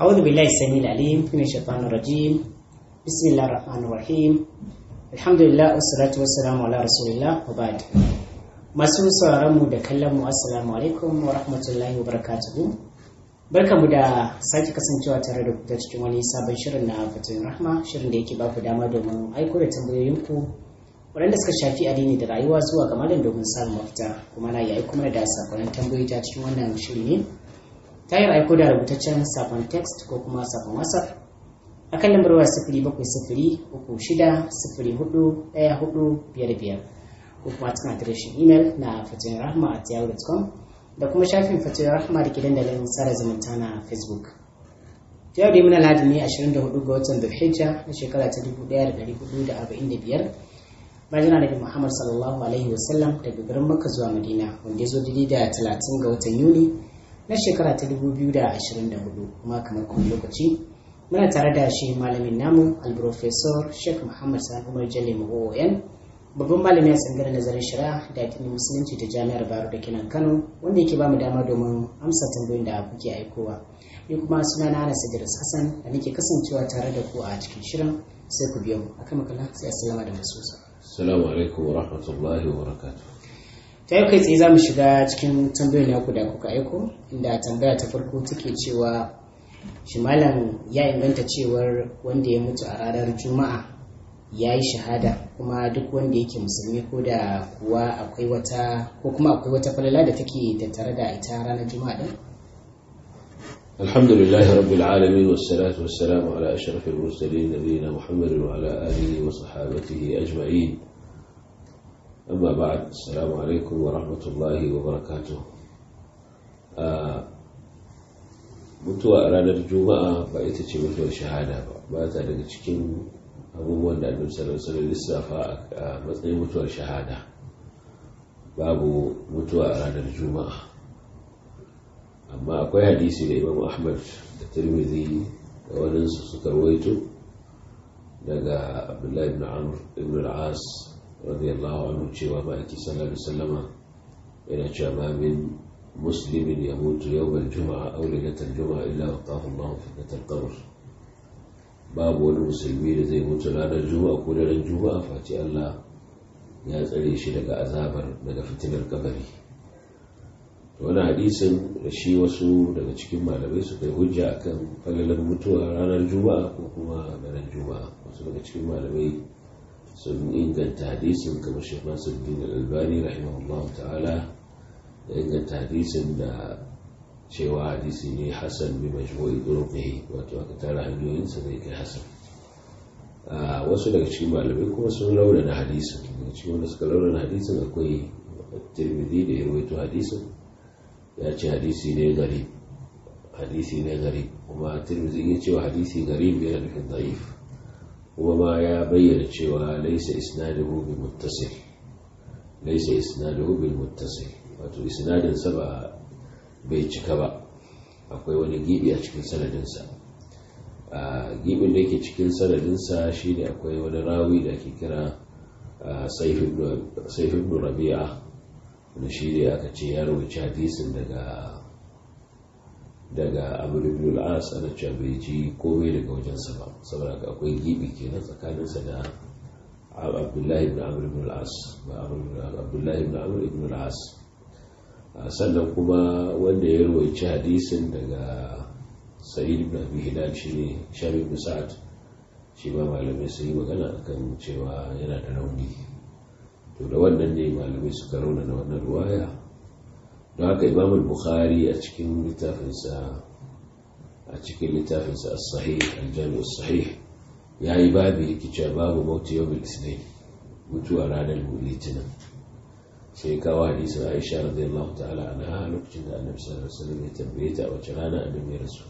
أعوذ بالله السميع العليم من الشيطان الرجيم بسم الله الرحمن الرحيم الحمد لله والصلاة والسلام على رسول الله وبعد masu sauraron mu da kallon mu ورحمة الله wa rahmatullahi mu da sake kasancewa tare da ku cikin wani sabon shirin na fatoyin rahma shirin da yake baku dama domin aiko da tambayoyinku waɗanda suka shafi addini da rayuwa zuwa ga malam domin samun mafita kuma na yayi kuma da sakonin tambayoyi ta cikin wannan shiri ne ta yi aiko da rubutaccen sakon text ko kuma sakon whatsapp a kan lambar waya sifiri bakwai sifiri uku shida sifiri hudu ɗaya hudu biyar biyar ko kuma cikin adireshin imel na fatoyin rahma a yahoo.com da kuma shafin fatoyin rahma da ke dandalin tsara zumunta na facebook ta yau yi muna lahadi ne 24 ga watan dulhijja na shekara ta 1445 bayan annabi muhammad sallallahu alaihi wasallam daga garin makka zuwa madina wanda ya zo didi da 30 ga watan yuni na shekara ta 2024 kuma kamar kuma lokaci muna tare da shi malamin namu alprofesor sheikh muhammad sani umar Jalle oon babban malami a tsangar nazarin shari'a da addinin musulunci ta jami'ar baro da kinan kano wanda yake ba mu dama domin amsa tambayoyin da kuke aikowa ni kuma suna na ana sajirus hassan da nake kasancewa tare da ku a cikin shirin sai ku biyo akan makala sai da masu assalamu alaikum wa rahmatullahi wa barakatuh ta yau kai tsaye za mu shiga cikin tambayoyin naku da kuka aiko inda tambaya ta farko take cewa shi malam ya inganta cewar wanda ya mutu a ranar juma'a ya yi shahada kuma duk wanda yake musulmi ko da kuwa akwai wata ko kuma akwai wata falala da take tattare da ita ranar juma'a din alhamdulillah rabbil alamin wassalatu wassalamu ala ashrafil mursalin nabiyina muhammadin wa ala alihi wa sahbatihi ajma'in أما بعد alaikum wa rahmatullahi wa barakatu mutuwa a ranar juma'a ba ita ce mutuwar shahada ba ba ta daga cikin abubuwan da annabi sallallahu alaihi lissafa a matsayin mutuwar shahada babu mutuwa a ranar juma'a amma akwai hadisi da imam ahmad da tirmidhi da wadansu suka rawaito daga abdullahi ibn amr ibn as radiyallahu anhu cewa baki sallallahu alaihi wasallama yana cewa ma min muslimin yau ban juma'a aw lailatal juma'a illa waqahu Allahu fitnatal qabr babu wani musulmi da zai mutu ranar juma'a ko daren juma'a fati Allah ya tsare shi daga azabar daga fitinar kabari wani hadisin da shi wasu daga cikin malamai su kai hujja akan falalar mutuwa ranar juma'a ko kuma daren juma'a wasu daga cikin malamai sun inganta hadisin kamar shi sun gina albani rahimahullah ta'ala da inganta hadisin da cewa hadisi ne hassan bi majmu'i turqihi wato aka tara sa zai kai hassan wasu daga cikin malamai kuma sun laurana hadisin daga cikin wanda suka laurana hadisin akwai tirmidhi da ya rawaito hadisin ya ce hadisi ne gari hadisi ne gari kuma tirmidhi ya ce hadisi gari da kan da'if kuma ma ya bayyana cewa laisa isnaduhu bi muttasil laisa isnaduhu bil muttasil wato isnadin sa ba bai cika ba akwai wani gibi a cikin sanadinsa a gibin da yake cikin sanadinsa shine akwai wani rawi da ake kira saifin rabi'a wani shi ne aka ce ya rubuci hadisin daga daga abubuwan al'as ana cewa bai ji komai daga wajen ba saboda ga akwai gibi kenan tsakaninsa da abdullahi ibn amur ibn al'as ba abdullahi ibn amur ibn al'as ah, sannan kuma wanda ya rawaici hadisin daga sa'id ibn abi hilal ne shabi ibn shi ba malamai sun yi magana akan cewa yana da rauni to da wannan ne malamai suka rauna na wannan ruwaya don haka imam bukhari a cikin littafinsa a cikin littafinsa as-sahih al-jami sahih ya yi babu rikicewa babu mauti yau litinin mutuwa ranar litinin sai kawo hadisin aisha radiyallahu ta'ala anha lokacin da annabi sallallahu alaihi ya tambaye ta wace rana a ya rasu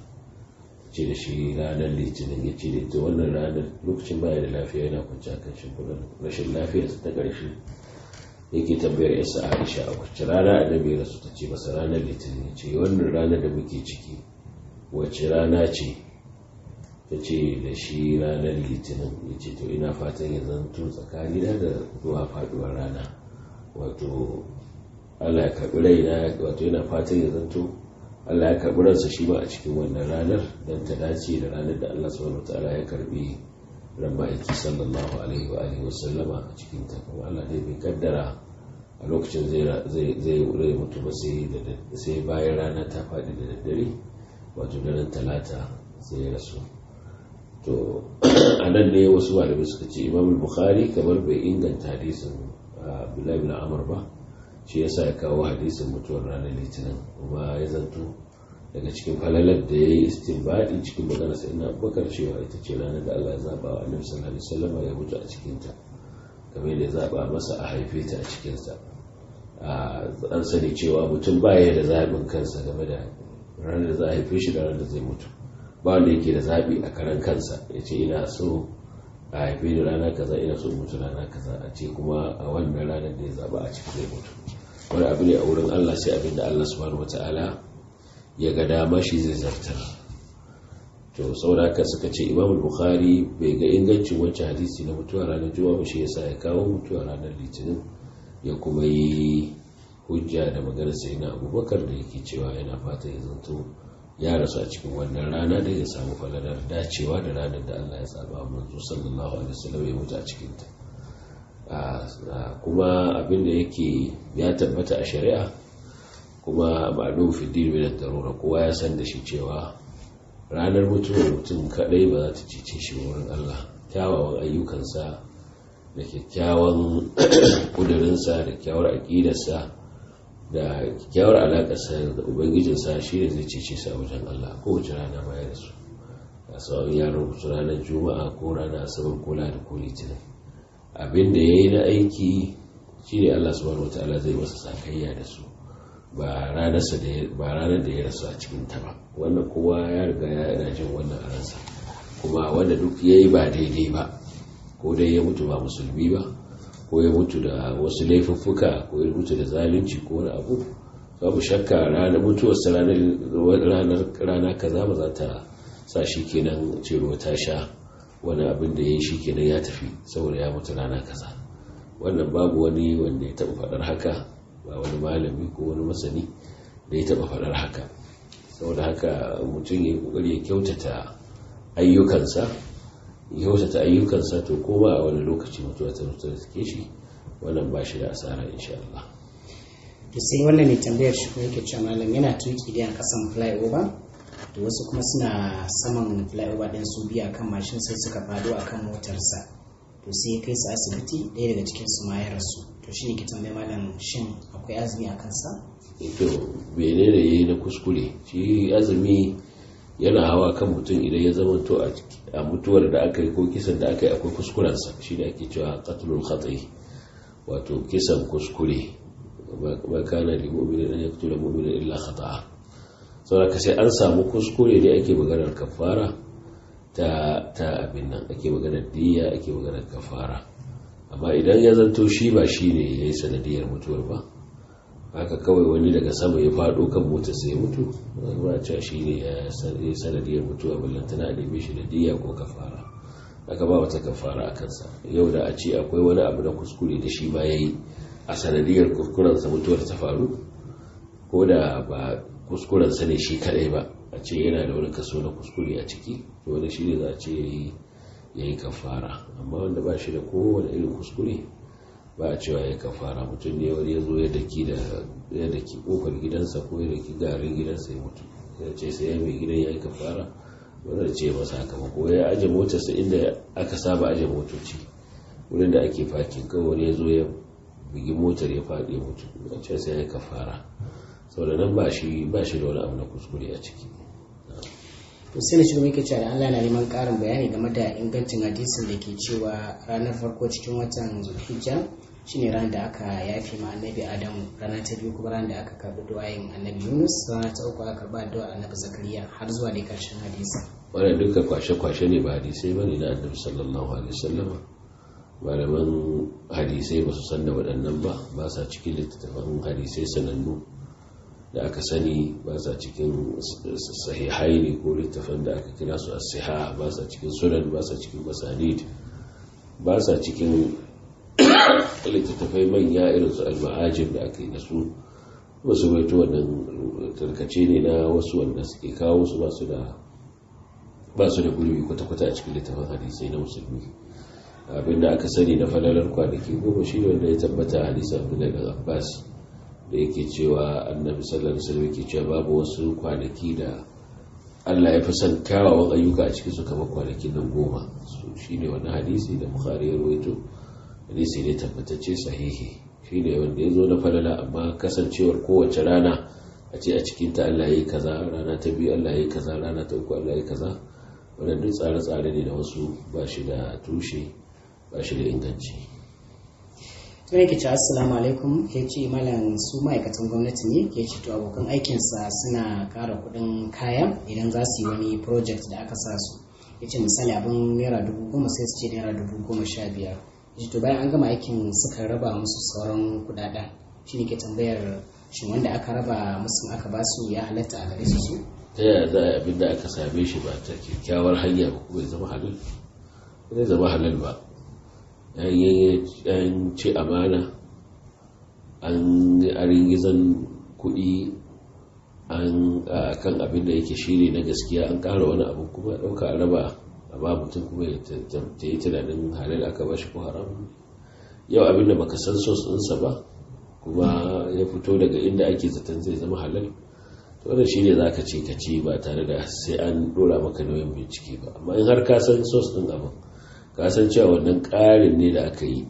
ce da shi ranar litinin ya ce da ita wannan ranar lokacin baya da lafiya yana a kan shimfiɗar rashin lafiya ta ƙarshe yake tambayar yasa aisha a wacce rana a ya rasu ta ce masa ranar litinin ce wannan rana da muke ciki wacce rana ce ta ce da shi ranar litinin ya ce to ina fatan ya zanto tsakani da zuwa faduwar rana wato allah ya karbi raina wato yana fatan ya zanto allah ya karbi ransa shi ba a cikin wannan ranar don ta dace da ranar da allah subhanahu wa ta'ala ya karbi ran ma'aiki sallallahu alaihi wa alihi wasallama a cikin ta kuma Allah dai bai kaddara a lokacin zai mutu ba sai bayan rana ta faɗi da daddare wato daren talata sai ya rasu to a nan ne wasu malamai suka ce imam bukhari kamar bai inganta hadisin ah, abdullahi bin amr ba shi yasa ya kawo hadisin mutuwar ranar litinin kuma ya zanto daga cikin falalar da ya yi istinbadi cikin magana sai ina bakar cewa ita ce ranar da Allah ya zaba wa annabi sallallahu alaihi wasallam ya mutu a cikin game da zaɓa zaba masa a haife ta a cikin sa an sani cewa mutum ba ya da zaɓin kansa game da ranar da za a haife shi da ranar da zai mutu ba wanda yake da zaɓi a karan kansa ya ce ina so a haife ni rana kaza ina so mutu rana kaza a ce kuma a wannan ranar da ya zaɓa a cikin zai mutu wani abu ne a wurin Allah sai abin da Allah subhanahu wataala ya ga dama shi zai zartar to ka suka ce imam bukhari bai ga ingancin wancan hadisi na mutuwa ranar juma'a shi yasa ya kawo mutuwa ranar litinin ya kuma yi hujja da maganar sai na abubakar da yake cewa yana fata ya zanto ya rasu a cikin wannan rana da ya samu falalar dacewa da ranar da Allah ya tsaba manzo sallallahu alaihi wasallam ya mutu a cikinta kuma abin da yake ya tabbata a shari'a kuma ma'alum dirbe da tarora kowa ya san da shi cewa ranar mutuwar mutum kadai ba za ta cice shi wurin Allah kyawawan ayyukansa da kyakkyawan kudurinsa da kyawar aƙidarsa da kyawar alaƙarsa da ubangijinsa shi ne zai cece sa wajen Allah ko kowace rana baya da su a tsawon yaron rubuta ranar juma'a ko ranar asabar ko da ko litinin abin da ya yi na aiki shi ne Allah subhanahu wataala zai masa sakayya da su ba ranar da ya rasu a cikin ta ba wannan kowa ya riga ya yana jin wannan a ransa kuma wanda duk ya yi ba daidai ba ko dai ya mutu ba musulmi ba ko ya mutu da wasu laifuffuka ko ya mutu da zalunci ko wani abu babu shakka ranar mutuwarsa rana kaza ba za ta sa shi kenan ruwa ta sha wani abin da ya yi shi kenan ya tafi saboda ya mutu rana kaza wannan babu wani wanda ya taɓa faɗar haka ba wani malami ko wani masani da ya taɓa faɗar haka saboda haka mutum ya kokari ya kyautata ayyukansa ya kyautata ayyukansa to ko ba a wani lokaci mutuwa ta mutu da take shi wannan ba shi da asara insha Allah to sai wannan ne tambayar shi kuma yake cewa malam yana tuki da kasan flyover to wasu kuma suna saman flyover din su biya kan mashin sai suka fado akan motarsa to sai ya kai su asibiti ɗaya daga cikin su ma ya rasu to shi ne ke tambaye malam shin akwai azumi a kansa eh, to menene yayi na kuskure shi azumi yana hawa kan mutum idan ya zama to a mutuwar da aka yi ko kisan da aka yi akwai kuskurensa shi ne ake cewa qatlul khata'i wato kisan kuskure ba kana li mu'minin an yaqtula mu'mina illa khata'a saboda sai an samu kuskure ne ake maganar kafara ta ta abin nan ake maganar diya ake magana kafara amma idan ya zanto shi ba shi ne ya yi sanadiyar mutuwar ba haka kawai wani daga sama ya faɗo kan mota sai mutu ba cewa shi ne ya sanadiyar mutuwa ballantana a neme shi da diya ko kafara aka ba wata kafara a kansa yau da a ce akwai wani abu na kuskure da shi ma ya yi a sanadiyar kuskurensa mutuwar ta faru ko da ba kuskurensa ne shi kadai ba a ce yana da wani kaso na kuskure a ciki to wani shi ne za a ce ya yi kafara amma wanda ba shi da kowane irin kuskure ba a cewa ya kafara mutum ne wani ya zo ya daki da ya daki kofar gidansa ko ya daki garin gidansa ya mutu ya ce sai ya mai gidan ya yi kafara wanda ce masa haka ba ko ya aje motarsa inda aka saba aje motoci wurin da ake fakin kawai ya zo ya bugi motar ya faɗi mutu ya ce sai ya yi kafara sau da nan ba shi da wani abu na kuskure a ciki to sai na muke cewa da Allah na neman karin bayani game da ingancin hadisin da ke cewa ranar farko cikin watan zulhijja shine ranar da aka yafi ma annabi adamu ranar ta biyu kuma ranar da aka karbi du'ayin annabi yunus rana ta uku aka karba duwa annabi zakariya har zuwa da karshen hadisi wannan duka kwashe-kwashe ne ba hadisai bane na annabi sallallahu alaihi wasallam malaman hadisai ba su san da waɗannan ba ba sa cikin littattafan hadisai sanannu da aka sani ba sa cikin sahihai ne ko littafan da aka kira su a siha ba sa cikin sunan ba sa cikin masanid ba sa cikin littattafai manya irin su al da aka yi da su wasu baito wannan tarkace ne na wasu wanda suke kawo su ba su da gurbi kwata-kwata a cikin littafin hadisai na musulmi abinda aka sani na falalar kwanaki goma shi wanda ya tabbata a hadisan da abbas da yake cewa annabi sallallahu alaihi wasallam yake cewa babu wasu kwanaki da Allah ya fi son kyawawan ayyuka a cikin su kamar kwanakin nan goma su shine wani hadisi da Bukhari ya rawaito hadisi ne tabbatacce sahihi shine wanda ya zo na falala amma kasancewar kowace rana a ce a cikin ta Allah yayi kaza rana ta biyu Allah yayi kaza rana ta uku Allah yayi kaza wannan duk tsare-tsare ne da wasu ba shi da tushe ba shi da inganci sai ke ce assalamu alaikum ya ce malam su ma'aikatan gwamnati ne ya ce to abokan aikinsa suna kara kudin kaya idan za su yi wani project da aka sa su ya ce misali abin naira dubu goma sai su ce naira dubu goma sha biyar ya ce to bayan an gama aikin suka raba musu sauran kuɗaɗen shi ne ke tambayar shin wanda aka raba musu aka ba su ya halatta a gare su su ta yaya za a abin da aka same shi ba ta kyakkyawar hanya ba kuma ya zama halal zama halal ba an ci amana an ringizan kuɗi an kan abin da yake shiri na gaskiya an kara wani abu kuma ɗauka a raba a ba mutum kuma ta yi tunanin da aka bashi ko haram yau abin da baka san sos ɗinsa ba kuma ya fito daga inda ake zaton zai zama halal to da shi ne za ka ce ka ce ba tare da sai an dora maka nauyin bincike ba amma in har ka san sos ɗin abin kasan cewa wannan ƙarin ne da aka yi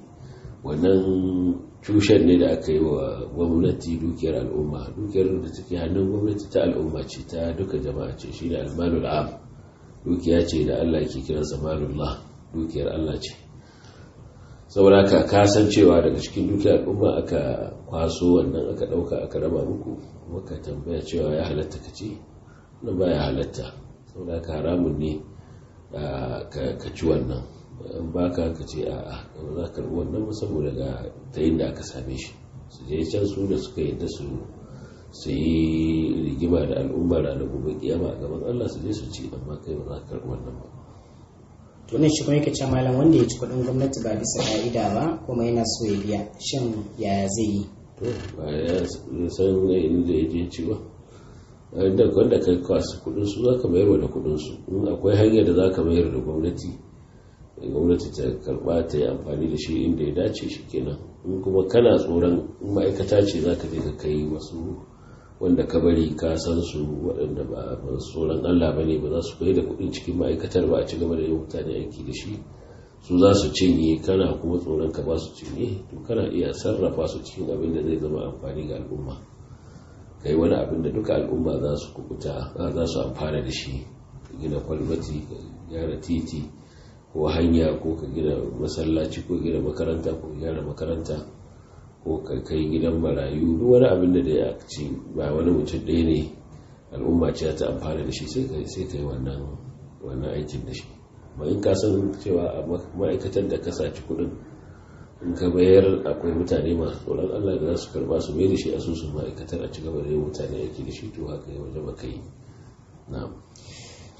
wannan tushen ne da aka yi wa gwamnati dukiyar al'umma dukiyar da take hannun gwamnati ta al'umma ce ta duka jama'a ce shi da almanul am dukiya ce da allah ke kiransa malullah dukiyar allah ce saboda ka kasancewa daga cikin dukiyar al'umma aka kwaso wannan aka ɗauka aka raba muku kuma ka tambaya cewa ya halatta ka ce nan ba ya halatta saboda ka haramun ne ah, ka ci wannan an baka ka ce a za ka wannan saboda ga ta inda aka same shi su je can su da suka yadda su su yi rigima da al'umma na gobe kiyama a gaban Allah su je su ci amma kai ba za ka karɓi wannan ba to shi kuma yake ce malam wanda ya ci kuɗin gwamnati ba bisa ka'ida ba kuma yana so ya biya shin ya zai yi to ba ya san inda ya je ci ba da wanda kai kwasu kuɗin za ka mayar da kuɗin in akwai hanyar da za ka mayar da gwamnati gwamnati ta karba ta yi amfani da shi inda ya dace shi kenan in kuma kana tsoron ma'aikata ce za ka je ka kai wasu wanda ka bari ka san su waɗanda ba tsoron allah ba ne ba za su kai da kuɗin cikin ma'aikatar ba a ci gaba da yin mutane aiki da shi su za su cinye kana kuma tsoron ka ba su cinye to kana iya sarrafa su cikin abin da zai zama amfani ga al'umma kai wani abin da duka al'umma za su kubuta za su amfana da shi gina kwalbati gyara titi ko hanya ko ka gina masallaci ko gina makaranta ko gyara makaranta ko ka kai gidan marayu duk wani abin da ya ci ba wani mutum ɗaya ne al'umma ce ta amfana da shi sai ka yi wannan aikin da shi ba in ka san cewa a ma'aikatar da ka saci kuɗin in ka bayar akwai mutane masu tsoron allah da za su karba su mai da shi asusun ma'aikatar a ci gaba da yin mutane aiki da shi to haka yi wajen ba ka yi na'am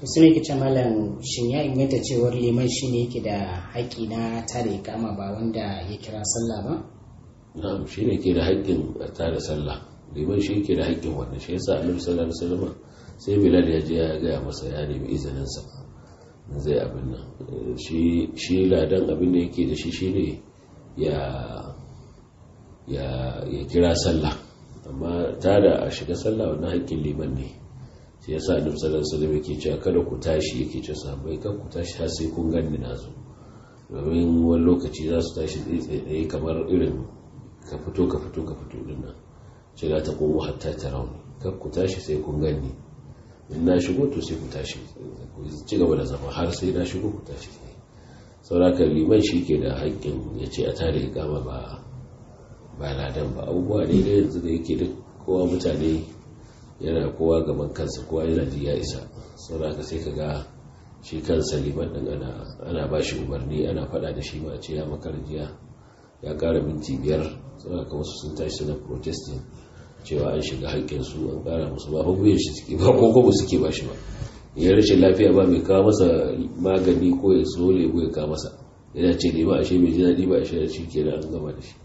wasu ne kice malam shin ya inganta cewar liman shi ne yake da haƙƙi na tare kama ba wanda ya kira sallah ba na'am shi ne ke da haƙƙin tare sallah liman shi ke da haƙƙin wannan shi yasa annabi sallallahu da salama sai bilal ya je ya gaya masa ya nemi izinin sa zai abin nan shi ladan abin da yake da shi shi ne ya ya kira sallah amma tada a shiga sallah wannan haƙƙin liman ne sai ya sa annabi sallallahu alaihi wasallam yake cewa kada ku tashi yake cewa sahabbai kan ku tashi har sai kun ganni na zo domin wani lokaci za su tashi tsaye kamar irin ka fito ka fito ka fito din nan ce za ta komo hatta ta rauni kan ku tashi sai kun ganni in na shigo to sai ku tashi ku ci gaba da zama har sai na shigo ku tashi sauraka liman shi ke da haƙƙin ya ce a tare ikama ba ba ladan ba abubuwa ne da yanzu da yake da kowa mutane yana kowa gaban kansa kowa yana ji ya isa saboda ka sai ka ga shi kansa liman din ana ana ba shi umarni ana faɗa da shi ma a ce ya makar jiya ya ƙara minti biyar saboda ka wasu sun tashi suna protestin cewa an shiga haƙƙinsu an kara musu ba hukumar shi suke ba ko kuma suke ba shi ba ya rashin lafiya ba mai kawo masa magani ko ya tsole ko ya kawo masa yana ce ne ba shi mai ji daɗi ba ashe da shi kenan an gama da shi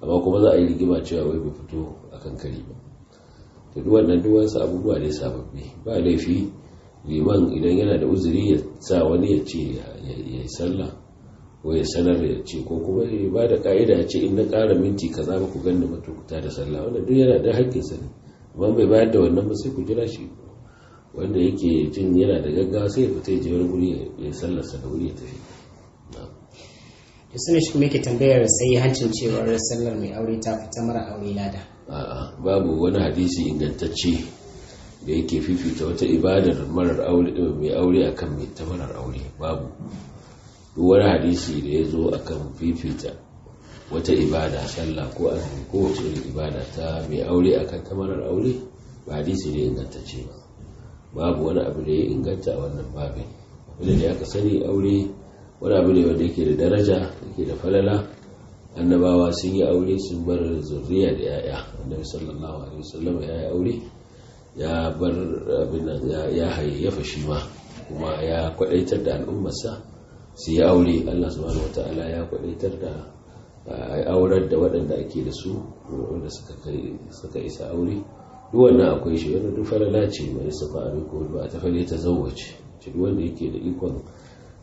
amma kuma za a yi rigima cewa wai bai fito a kankari ba da duwansa abubuwa ne sababbi ba laifi liman idan yana da uzuri ya sa wani ya ce ya yi sallah ko ya sanar ya ce ko kuma ya ba da ka'ida ya ce in na ƙara minti kaza ba ku ganni matukuta da sallah wanda duk yana da haƙƙinsa ne amma bai bayar da wannan ba sai ku jira shi wanda yake jin yana da gaggawa sai ya fita ya wani guri ya sallarsa da wuri ya tafi da suna shi kuma yake tambayar sai hancin cewar sallar mai aure ta fita mara aure lada babu wani hadisi ingantacce da yake fifita wata ibadar marar aure eh, mai aure akan mai ta marar aure babu wani hadisi da ya zo akan fifita wata ibada sallah ko azumi ko wace irin ibada ta mai aure akan ta marar aure ba hadisi inganta ingantacce ba babu wani abu da ya inganta a wannan babin wanda da aka sani aure wani abu ne wanda yake da daraja yake da falala annabawa sun yi aure sun bar zurriya da yaya annabi sallallahu alaihi wasallam ya yi aure ya bar abin ya hayyafa shi ma kuma ya kwadaitar da al'ummarsa su yi aure Allah subhanahu wataala ya kwadaitar da aurar da waɗanda ake da su wanda suka isa aure duk wannan akwai shi wanda duk farala ce wani safa a ko ba ta fare ta zawace duk wanda yake da ikon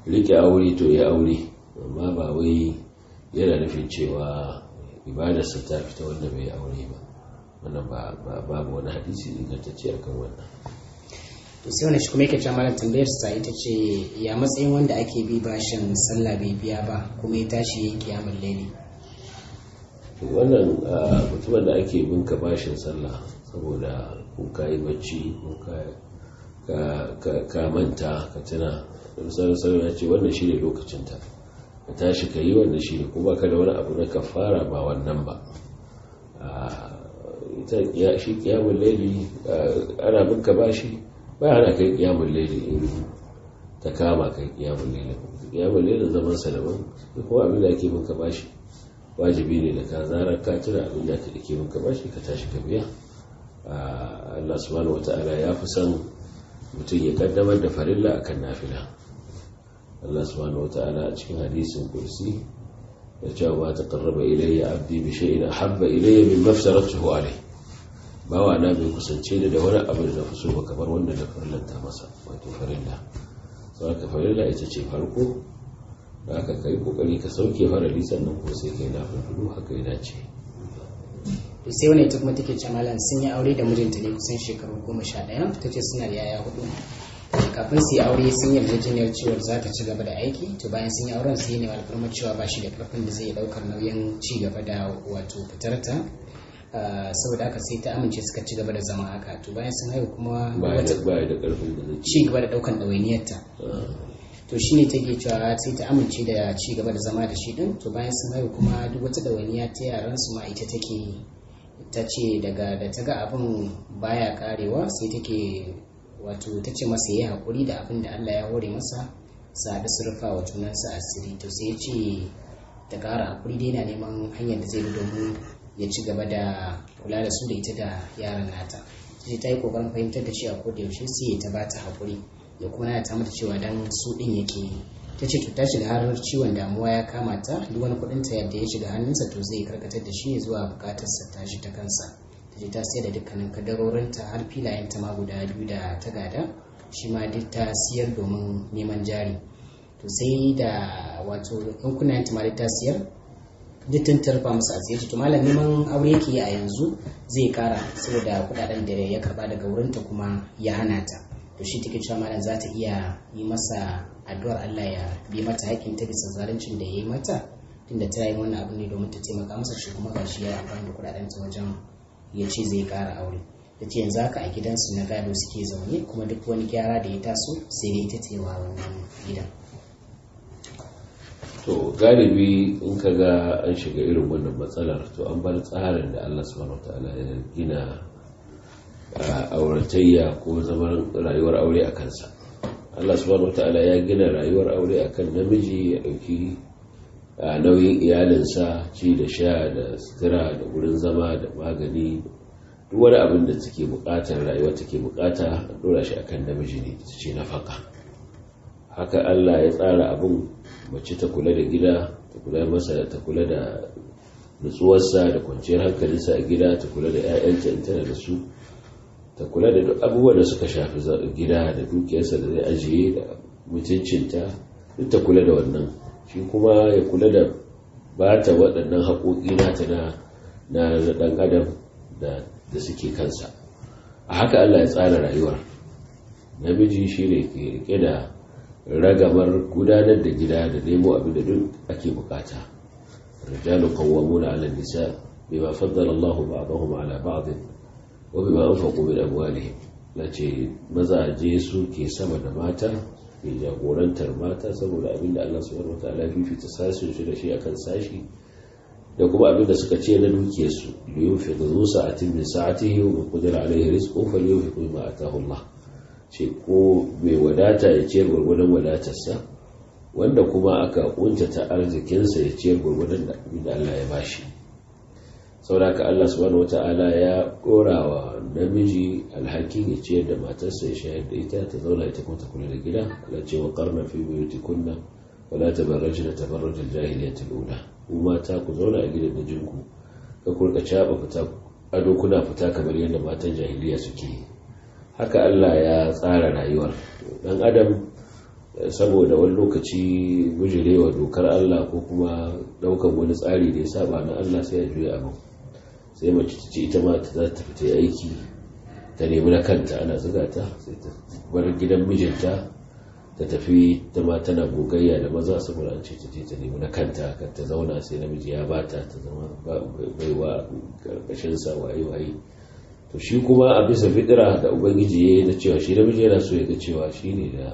rike aure to ya aure amma ba wai yana nufin cewa ibadarsa ta fita wanda bai aure ba wannan ba babu wani hadisi ingantacce akan wannan to sai wani shi kuma yake cewa tambayar sa ita ce ya matsayin wanda ake bi bashin sallah bai biya ba kuma ya tashi yayin kiyamul layli wannan mutumin da ake bin ka bashin sallah saboda ko ka bacci ko ka manta ka tuna misalin sallah ya ce wannan shi ne lokacin ta. ka tashi ka yi wanda shi ne kuma ka da wani abu na kafara ba wannan ba ita shi kiyamun laili ana ka ba shi ba ana kai kiyamun laili in ta kama kai kiyamun laili kiyamun laili zaman salaman kuma abin da ake ka ba shi wajibi ne da ka zarar ka tuna abin da ake ka ba shi ka tashi ka biya Allah subhanahu wata'ala ya fi san mutum ya kaddamar da farilla akan nafila Allah subhanahu ta'ala a cikin hadisin kursi ya ce ba ta karraba ilayya abdi bi shay'in ahabba ilayya min mafsaratuhu alayhi bawa na bai kusance da wani abu da fi so ba kamar wanda na farlanta masa wato farilla sai ka farilla ita ce farko da aka kai kokari ka sauke farali sannan ko sai kai na dudu haka ya dace to sai wani ita kuma take ce sun yi aure da mijinta ne kusan shekaru goma sha ɗaya ta ce suna yaya hudu kafin su yi aure sun yi yarjejeniyar ciwon za ta ci gaba da aiki to bayan sun yi auren sai ne alfarmar cewa ba shi da karfin da zai daukar nauyin ci gaba da wato fitarta ah, saboda haka sai ta amince suka ci gaba da zama haka to bayan sun haihu kuma ci gaba da daukar ɗawainiyarta ah. to shi ne ta ke cewa sai ta amince da ci gaba da zama da shi din to bayan sun haihu kuma duk wata ɗawainiya ta yaran su ma ita take ta ce daga da ta ga abin baya karewa sai take wato ta ce masa ya yi haƙuri da abin da Allah ya hore masa da surfa wa junansa asiri to sai ya ce ta ƙara haƙuri dai na neman hanyar da zai bi domin ya ci gaba da kula da su da ita da yaran nata sai ta yi ƙoƙarin fahimtar da shi a koda yaushe sai ya ta ba ta haƙuri ya kuma na ta mata cewa dan su ɗin yake ta ce to ta shiga har ciwon damuwa ya kamata, duk wani kuɗinta yadda ya shiga hannunsa to zai karkatar da shi zuwa buƙatarsa ta shi ta kansa ji ta sayar da dukkanin ta har filayen ta ma guda biyu da ta gada shi ma duk ta siyar domin neman jari to sai da wato yankunan ta ma duk ta siyar duk tun tarfa musu tsaye to malam neman aure yake yi a yanzu zai kara saboda kuɗaɗen da ya karba daga wurin ta kuma ya hana ta to shi take cewa malam za ta iya yi masa addu'ar Allah ya bi mata haƙin ta bisa zaluncin da ya yi mata tunda ta yi wannan abu ne domin ta taimaka masa shi kuma shi ya amfani da kuɗaɗen ta wajen ya ce zai kara aure ta ce yanzu haka a gidansu na gado suke zaune kuma duk wani gyara da ya taso sai da ita ce wa wannan gidan to galibi in ka ga an shiga irin wannan matsalar to an bar tsarin da allah subhanahu ta'ala ya gina auratayya ko zaman rayuwar aure a kansa allah subhanahu ta'ala ya gina rayuwar aure akan namiji ya ɗauki a nauyin iyalinsa ci da sha da sutura da wurin zama da magani duk wani abin da take bukatar rayuwa take bukata a dora shi akan namiji ne ta ce nafaka haka Allah ya tsara abin mace ta kula da gida ta kula masa da ta kula da nutsuwarsa da kwanciyar hankalinsa a gida ta kula da 'ya'yanta in tana da su ta kula da duk abubuwan da suka shafi gida da dukiyarsa da zai ajiye da mutuncinta duk ta kula da wannan shi kuma ya kula da ba ta waɗannan haƙoƙi nata na na ɗan adam da suke kansa a haka Allah ya tsara rayuwar namiji shi ne ke rike da ragamar gudanar da gida da nemo abin da duk ake bukata rijalu qawwamuna 'ala an-nisa ma faddar Allah ba'dahum 'ala ba'd wa bima anfaqu min amwalihim lace mazaje su ke sama da mata ke jagorantar mata saboda abin da Allah subhanahu wataala fifita sashin shi da shi akan sashi da kuma abin da suka ce na dukiyarsu biyu fi zuwa sa'atin min sa'atihi wa qadara alaihi rizqu fa liyun fi ma atahu Allah ce ko mai wadata ya ciyar gwargwadon wadatarsa wanda kuma aka ta arzikinsa ya ciyar gwargwadon da Allah ya bashi sauraka Allah su wata ala ya korawa namiji alhakin ya ciyar da matarsa ya shayar da ita ta zauna ita kuma ta kula da gida ala ce wa karna fi buyuti kunna wala tabarrajna jahiliya ta ula ku mata ku zauna a gidan mijinku ka kurka caba fita ado kuna fita kamar yadda matan jahiliya suke haka Allah ya tsara rayuwar dan adam saboda wani lokaci bujirewa dokar Allah ko kuma daukar wani tsari da ya saba na Allah sai ya juya abu sai mace ta ce ita ma ta za ta fita aiki ta nemi na kanta ana zuga ta sai ta bar gidan mijinta ta tafi ta ma tana gogayya da maza saboda an ce ta je ta nemi na kanta kan ta zauna sai namiji ya ba ta zama baiwa karkashin sa waye waye to shi kuma a bisa fitira da ubangiji ya yi da cewa shi namiji yana so ya ga cewa shi ne da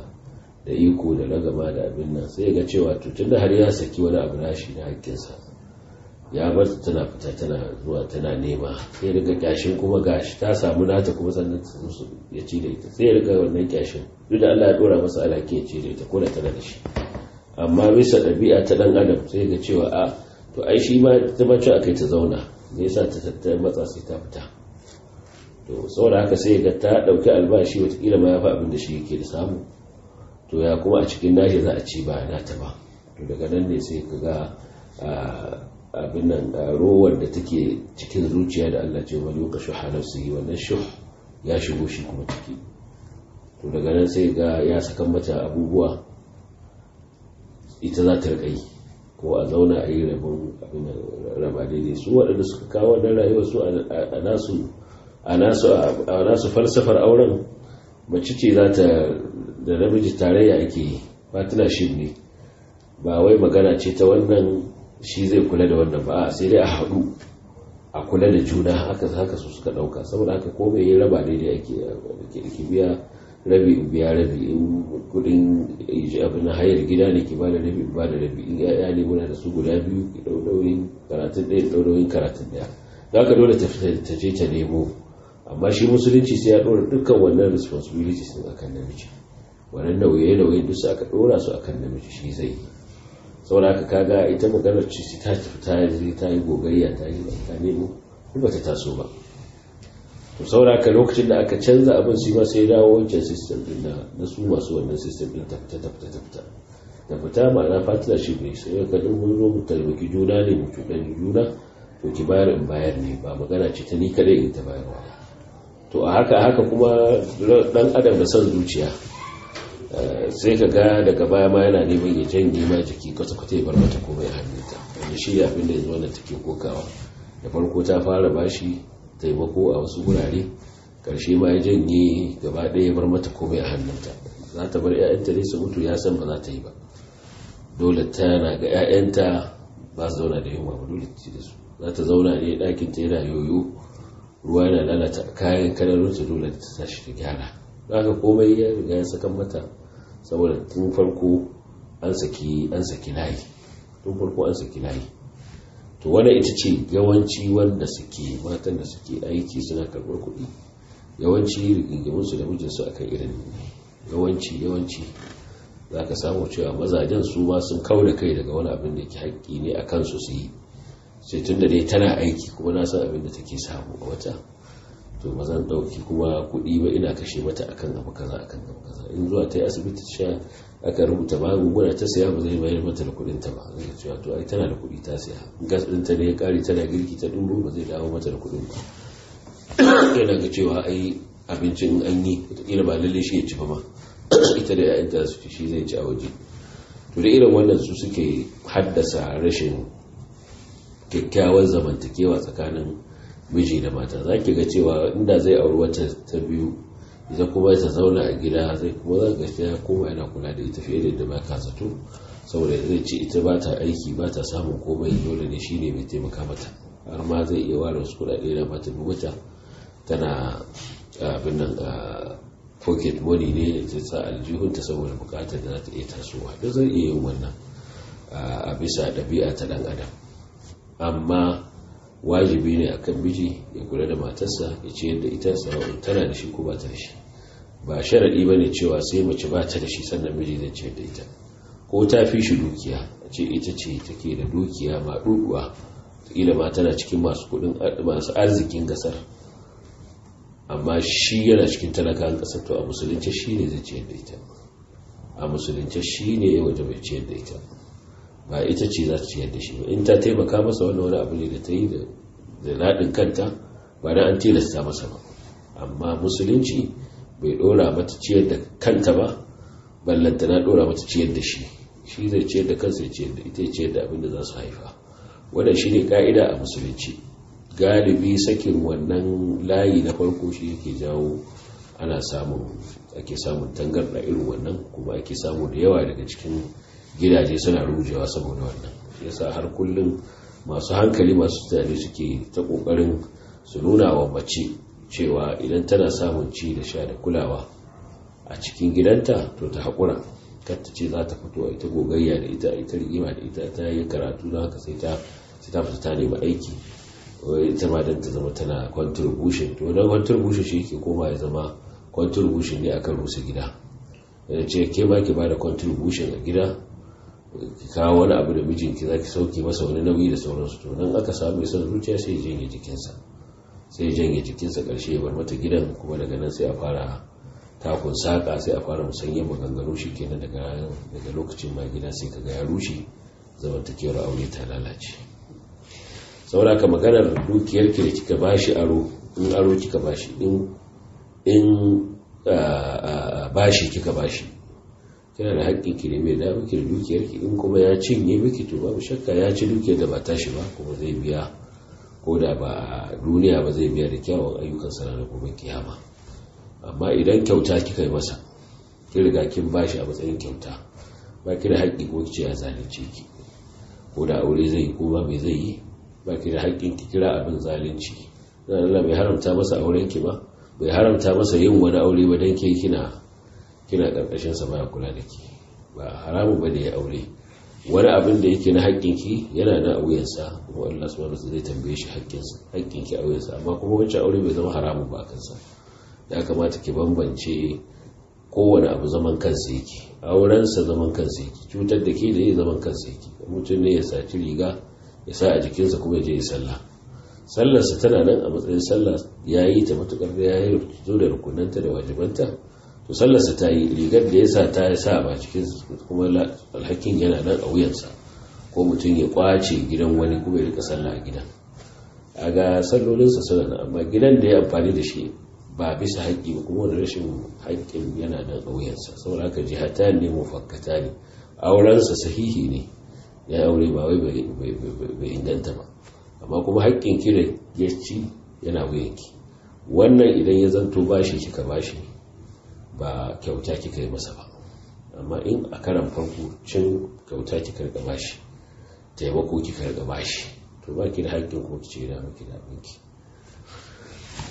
da iko da ragama da abin nan sai ya ga cewa to tunda har ya saki wani abu na shi na hakkinsa ya bar tana fita tana zuwa tana nema sai riga kyashin kuma gashi ta samu nata kuma sannan su ya ci da ita sai riga wannan kyashin duk da Allah ya dora masa alaki ya ci da ita ko da tana da shi amma bisa ɗabi'a ta dan adam sai ga cewa a to ai shi ma ta bacci akai ta zauna ne yasa ta tattara matsa sai ta fita to saboda haka sai ga ta ɗauki albashi watakila ma ya fa abin da shi yake da samu to ya kuma a cikin nashi za a ci ba nata ba to daga nan ne sai ka ga ah, abin nan rowar da take cikin zuciya da Allah ce wani yuka shuha nafsihi wannan shuh ya shigo shi kuma ciki to daga nan sai ga ya saka mata abubuwa ita za ta rikai ko a zauna a yi rabon abin raba daidai su waɗanda suka kawo wannan rayuwar su a nasu a nasu falsafar auren mace ce za ta da namiji tarayya ake yi ba tana shi ne ba wai magana ce ta wannan shi zai kula da wannan ba sai dai a haɗu a kula da juna haka haka su suka ɗauka saboda haka ko mai raba daidai ake da biya rabi in biya rabi in kudin abin hayar gida ne ke bada rabi in bada rabi in ya'ya ne muna da su guda biyu ki ɗauɗauyin karatun ɗaya karatun ɗaya za ka dole ta je ta nemo amma shi musulunci sai ya ɗora dukkan wannan responsibilities ɗin akan namiji wannan nauye-nauyen duk aka ɗora su akan namiji shi zai yi saboda haka kaga ita maganar ci ta tafi ta yi gogayya ta yi ta nemo ba ta taso ba to saboda haka lokacin da aka canza abin shi ma sai dawo wancan system din na na su masu wannan system din tafta tafta tafta da fita ma na fatina shi ne sai ka dan mun zo mu taimaki juna ne mu cuɗani juna to ki bayar in bayar ne ba magana ce ta ni kadai in ta bayarwa to a haka haka kuma dan adam da son zuciya sai ka ga daga baya ma yana neman ya janye ma jiki kwata-kwata ya bar mata komai a hannunta wanda shi ya abin da yanzu wannan take kokawa da farko ta fara bashi taimako a wasu wurare karshe ma ya janye gaba ɗaya ya bar mata komai a hannunta za ta bar 'ya'yanta ne su mutu ya san ba za ta yi ba dole ta na ga 'ya'yanta ba su zauna da yunwa ba dole ta da su za ta zauna ne ɗakin ta yana yoyo ruwa yana lalata kayan kanarinta dole ta tashi ta gyara ka komai ya riga ya sakan mata saboda tun farko an saki an saki layi tun farko an saki layi to wannan ita ce yawanci wanda suke matan da suke aiki suna karɓar kuɗi yawanci rigingimin su da mijinsu akan irin yawanci yawanci za ka samu cewa mazajen su ma sun kawo da kai daga wani abin da ke haƙƙi ne a kansu su yi sai tun da dai tana aiki kuma na san abin da take samu a wata to ba zan ɗauki kuma kuɗi ba ina kashe mata akan abu kaza akan abu kaza in zuwa ta yi asibiti sha aka rubuta ba guguna ta saya ba zai bayar mata da kuɗin ta ba zai cewa to ai tana da kuɗi ta saya gas ɗin ta ne ya kare tana girki ta ɗuro ba zai dawo mata da kuɗin ba yana ga cewa ai abincin an yi wataƙila ba lallai shi ya ci ba ma ita da 'ya'yanta su ci shi zai ci a waje to da irin wannan su suke haddasa rashin kyakkyawan zamantakewa tsakanin miji da mata za ki ga cewa inda zai auri wata ta biyu ita kuma ta zauna a gida zai kuma za ga ya koma yana kula da ita fiye da da ba zato saboda zai ce ita ba ta aiki ba ta samun komai dole ne shi ne mai taimaka mata har ma zai iya ware wasu kuɗaɗe na mata bi wata tana abin nan pocket money ne da ta sa aljihunta saboda bukatar da za ta iya tasowa duk zai iya yin wannan a bisa ɗabi'a ta ɗan adam amma wajibi ne a kan miji ya kula da matarsa ya ce yadda ita sa'o'in tana da shi ko ba ta da shi ba sharaɗi ba ne cewa sai mace ba ta da shi sannan miji zai ce da ita ko ta fi shi dukiya a ce ita ce take da dukiya ma ɗuɗuwa ƙila ma tana cikin masu kuɗin masu arzikin ƙasar amma shi yana cikin talakawan ƙasar to a musulunce shi ne zai ce da ya bai da ita ba ita ce za ta ciyar da shi ba in ta taimaka masa wani wani abu ne da ta yi da naɗin kanta ba na an tilasta masa ba amma musulunci bai ɗora mata ciyar da kanta ba ballanta na ɗora mata ciyar da shi shi zai ciyar da kansa ya ciyar da ita ya ciyar da abin da za su haifa wannan shi ne ka'ida a musulunci galibi sakin wannan layi na farko shi yake jawo ana samun ake samun tangarɗa irin wannan kuma ake samu da yawa daga cikin gidaje suna rujewa saboda wannan shi yasa har kullum masu hankali masu tunani suke ta kokarin su nuna wa mace cewa idan tana samun ci da sha da kulawa a cikin gidanta to ta haƙura ta ce za ta fito a ita gogayya da ita a ita rigima da ita ta yi karatu na haka sai ta sai ta fita ta nemi aiki ita ma dan ta zama tana contribution to dan contribution shi yake koma ya zama contribution ne akan rusa gida da ce ke ba ki ba da contribution a gida ki kawo wani abu da mijinki za ki sauke masa wani nauyi da sauransu to nan aka samu isan zuciya sai ya janye jikinsa sai ya janye jikinsa karshe bar mata gidan kuma daga nan sai a fara takun saka sai a fara musanyen maganganu shi kenan daga daga lokacin ma gida sai kaga ya rushe zamantakewar aure ta lalace saboda ka maganar dukiyar ki da kika bashi aro in aro kika bashi in in ah, ah, ah, bashi kika bashi yana da haƙƙin ki nemi da miki da dukiyar ki in kuma ya cinye miki to babu shakka ya ci dukiyar da ba tashi ba kuma zai biya ko da ba duniya ba zai biya da kyawun ayyukan sana da gobe kiyama amma idan kyauta kika yi masa kin riga kin bashi a matsayin kyauta ba ki da haƙƙi ko ki ce ya zalunce ki ko da aure zai yi ko ba mai zai yi ba ki da haƙƙin ki kira abin zalunci Allah bai haramta masa auren ki ba bai haramta masa yin wani aure ba dan ke kina kina karkashin sa baya kula da ke ba haramu ba da ya aure wani abin da yake na haƙƙin ki yana da a sa kuma Allah subhanahu wa zai tambaye shi ki a sa amma kuma wancan aure bai zama haramun ba a kansa ya kamata ki bambance kowane abu zaman kansa yake aurensa zaman kansa yake cutar da ke da yi zaman kansa yake mutum ne ya saci riga ya sa a jikinsa kuma ya je ya sallah sallarsa tana nan a matsayin sallah ya yi ta matukar da ya yi zo da rukunanta da wajibanta musallarsa ta yi rigar da ya sa ta ya sa ba cikin kuma alhakin yana nan a wuyansa ko mutum ya kwace gidan wani kuma ya kasar sallah a gidan a ga sallolinsa suna nan amma gidan da ya amfani da shi ba bisa haƙƙi ba kuma da rashin haƙƙin yana nan a wuyansa saboda haka jihata ne fakata ne aurensa sahihi ne ya aure ba wai bai inganta ba amma kuma haƙƙin kira ya ci yana wuyanki wannan idan ya zanto bashi kika bashi ba kyauta kika yi masa ba amma in a karan farko cin kyauta kika gaba bashi taimako kika gaba bashi to ba ki da haƙƙin ko ce da miki da abinki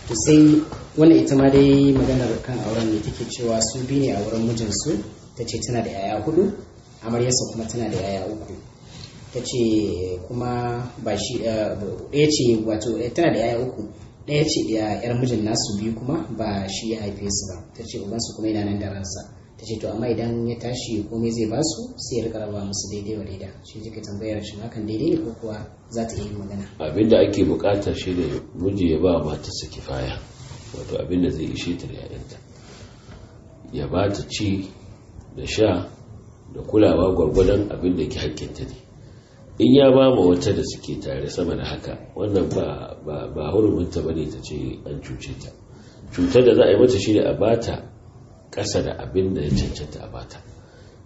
to sai wannan ita ma dai maganar kan auren ne take cewa su bi ne a wurin mijinsu ta ce tana da yaya hudu amaryarsa kuma tana da yaya uku ta ce kuma ba shi eh, ɗaya ce wato eh, tana da yaya uku ɗaya ce ya yar mijin nasu biyu kuma ba shi ya haife su ba ta ce ubansu kuma yana nan da ransa ta ce to amma idan ya tashi komai zai ba su sai ya rika raba musu daidai wa daida shi take tambayar shi hakan daidai ne ko kuwa za ta yi magana abin da ake bukata shi ne miji ya ba mata matarsa kifaya wato abin da zai ishe ta da yayanta ya ba ta ci da sha da kulawa gwargwadon abin da ke hakkinta ne in ya ba ma wata da suke tare sama da haka wannan ba hurumunta ba ne ta ce an cuce ta cutar da za a yi mata shi ne a bata kasa da abin da ya cancanta a bata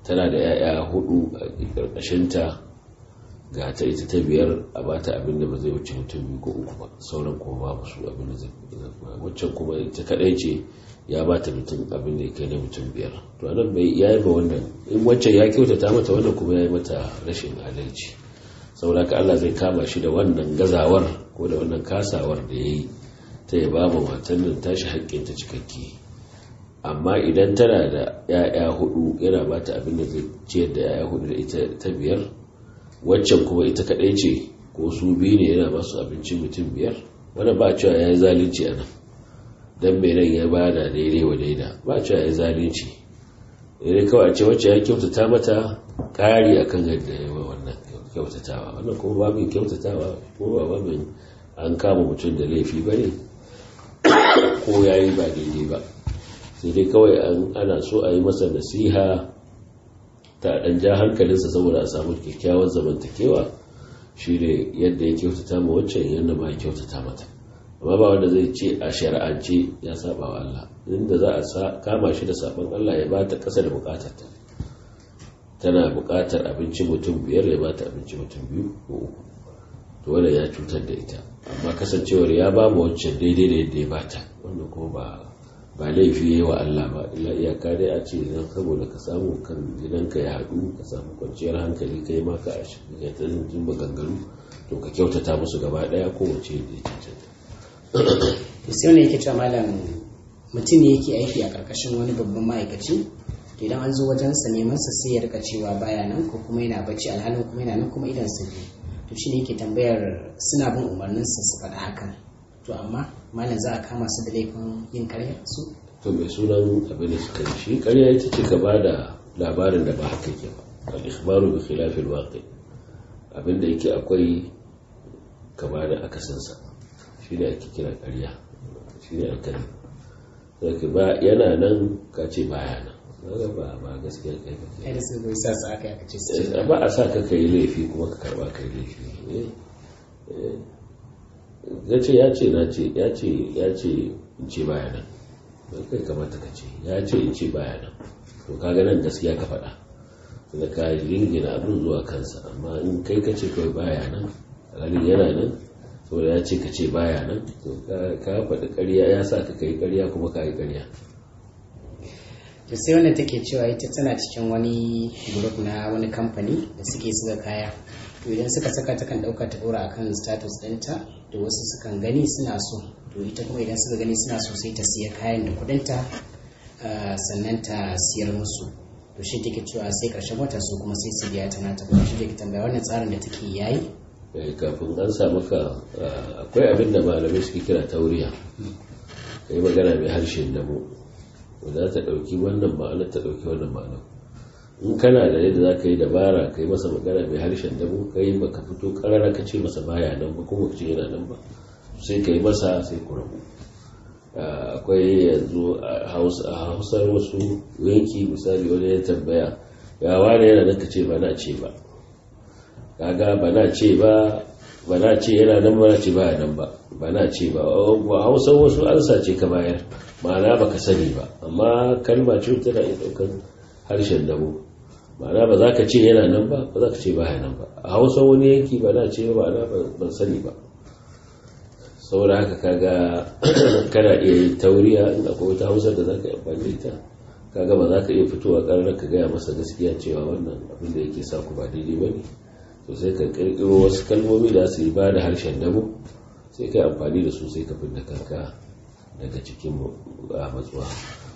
tana da 'ya'ya hudu a ta ga ta ita ta biyar a bata abin da ba zai wuce mutum biyu ko uku ba sauran kuma ba su abin da zai waccan kuma ta kaɗai ce ya bata mutum abin da ya kai na mutum biyar to anan bai ya yi ba wannan in wancan ya kyautata mata wannan kuma ya yi mata rashin adalci saboda Allah zai kama shi da wannan gazawar ko da wannan kasawar da ya yi ta ya ba matan nan tashi haƙƙinta cikakke amma idan tana da 'ya'ya hudu yana ba ta abin da zai ciyar da 'ya'ya hudu da ita ta biyar waccan kuma ita kaɗai ce ko su biyu ne yana masu abinci mutum biyar wannan ba cewa ya yi zalunci a nan don mai nan ya bada daidai wa daida ba cewa ya yi zalunci idan kawai ce wacce ya kyautata mata kari akan yadda ya wannan kyautatawa wannan kuma babin kyautatawa ko ba an kama mutum da laifi ba ne ko ya yi ba daidai ba sai dai kawai ana so a yi masa nasiha ta ɗan ja hankalinsa saboda a samu kyakkyawan zamantakewa shi ne yadda ya kyautata ma waccan yadda ma ya kyautata mata amma ba wanda zai ce a shari'ance ya saba wa Allah inda za a kama shi da sabon Allah ya bata ƙasa da bukatarta tana buƙatar abinci mutum biyar ya bata abinci mutum biyu ko uku to wanda ya cutar da ita amma kasancewar ya ba mu wancan daidai da yadda ya bata wanda ko ba ba laifi ya wa Allah ba illa iyaka dai a ce idan saboda ka samu kan gidanka ya haɗu ka samu kwanciyar hankali kai ma ka a shiga ta zin gangaru to ka kyautata musu gaba ɗaya wace da ya cancanta. sai ne yake cewa malam mutum ne yake aiki a ƙarƙashin wani babban ma'aikaci idan an zo wajen sa neman sa sai ya rika cewa baya nan ko kuma yana bacci alhalin kuma yana nan kuma idan sa ne to shine yake tambayar suna bin umarnin sa su faɗa hakan to amma malam za a kama su da laifin yin karya su to mai sunan abin da suka yi shi karya ita ce ka bada labarin da ba haka ke ba al-ikhbaru bi al waqi abin da yake akwai ka bada akasin sa shine ake kira karya shine alkalin yana nan ka ce baya nan ba ba gaskiya kai kai da sa aka ce ba a sa ka kai laifi kuma ka karba kai laifi eh, eh. ya ce ya ce na ce ya ce ya ce in ce baya nan don kai kamata ka ce ya ce in ce baya nan to kaga nan gaskiya ka faɗa da ka jingina abin zuwa kansa amma in kai ka ce kai baya nan alhalin yana nan to ya ce ka ce baya nan to ka faɗi ƙarya ya sa ka kai ƙarya kuma ka yi ƙarya to sai wannan take cewa ita tana cikin wani group na wani kamfani da suke suka kaya to idan suka saka ta kan dauka ta dora akan status ɗinta da wasu sukan gani suna so to ita kuma idan suka gani suna so sai ta siya kayan da kudinta eh, sannan ta siyar musu to shi take cewa sai karshen wata su kuma sai su biya tana ta kuma shi take tambaya wannan tsarin da take yayi eh, kafin an samu ka eh, akwai abin da malamai suke kira tauriya kai magana mai harshen mu. za ta ɗauki wannan ma'anar ta ɗauki wannan ma'anar in kana da yadda za ka yi dabara ka yi masa magana mai harshen dabo ka yi ka fito karara ka ce masa baya nan ba kuma ka ce yana nan ba sai ka yi masa sai ku rabu akwai yanzu a hausar wasu yanki misali wani ya tambaya ya wani yana nan ka ce ba na ce ba kaga ba na ce ba ba na ce yana nan ba na ce baya nan ba ba na ce ba a hausar wasu an sace ka bayar ma'ana baka sani ba amma kalma ce tana iya ɗaukar harshen dabo ma'ana ba za ka ce yana nan ba ba za ka ce baya nan ba a hausa wani yanki ba na ce ba na ban sani ba saboda haka kaga kana iya yin tauriya in akwai wata hausa da za ka yi amfani ita kaga ba za ka iya fitowa ƙarar ka gaya masa gaskiya cewa wannan abin da yake sa ku ba daidai ba ne to sai ka ƙirƙiro wasu kalmomi da su yi ba da harshen dabo sai ka yi amfani da su sai ka fidda kanka daga cikin matsuwa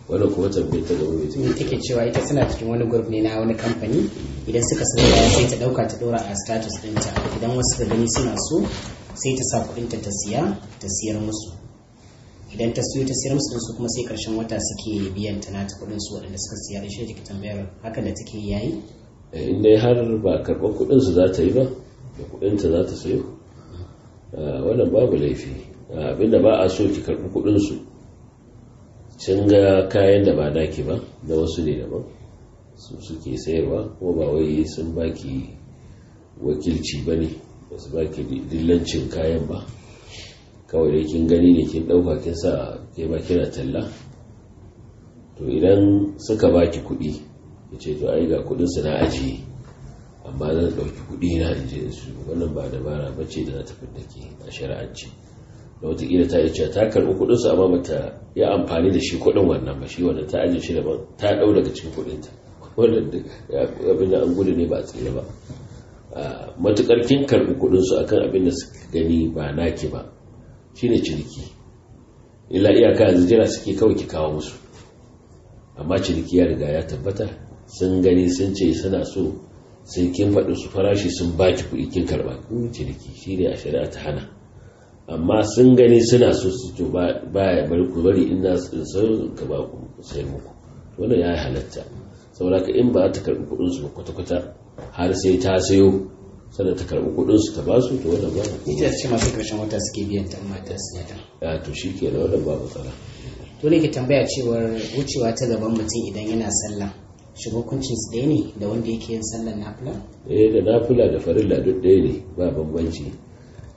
wani kuma tabbai ta gaba mai tunani take cewa ita suna cikin wani group ne na wani kamfani idan suka san kaya sai ta dauka ta dora a status dinta idan wasu da gani suna so sai ta sa kudin ta siya ta siyar musu idan ta siyo ta siyar musu su kuma sai karshen wata suke biyan ta nata kudin su waɗanda suka siya da shi take tambayar hakan da take yayi eh, in dai har ba karɓar kudin su za ta yi ba da kudin ta za ta sayo eh, wannan babu laifi abinda ba a so ki karɓi kuɗinsu sun ga kayan da ba naki ba na wasu ne daban su suke sayarwa ko ba wai sun baki wakilci ba ne ba su baki dillancin kayan ba kawai da kin gani ne kin ɗauka kin sa ke ba kina talla to idan suka baki kuɗi ya ce to ai ga kuɗinsu na ajiye amma zan ɗauki kuɗi na aji su wannan ba dabara bace da na ta ke a shari'ance da watakila ta ce ta karɓi kuɗinsu amma mata ya amfani da shi kuɗin wannan ba shi wanda ta ajiye shi daban ta ɗau daga cikin kuɗinta wanda abin da an gudu ne ba a tsira ba matukar kin karɓi kuɗinsu akan abin da suka gani ba naki ba shine ciniki illa iyaka yanzu jira suke kawai ki kawo musu amma ciniki ya riga ya tabbata sun gani sun ce suna so sai kin faɗi su farashi sun baki kuɗi kin karɓa ciniki shine a shari'a ta hana amma sun gani suna so su to ya bari ku bari ina na sun ka ba ku sai muku wannan ya halatta saboda ka in ba ta karbi kudin su kwata kwata har sai ta sayo sannan ta karbi kudin su ta ba su to wannan ba ita ce masu karshen wata suke biyan ta mata su ne ta to shikenan wannan ba matsala to ne ke tambaya cewar wucewa ta gaban mutum idan yana sallah shiga hukuncin su ɗaya ne da wanda yake yin sallar nafila eh da nafila da farilla duk ɗaya ne ba bambanci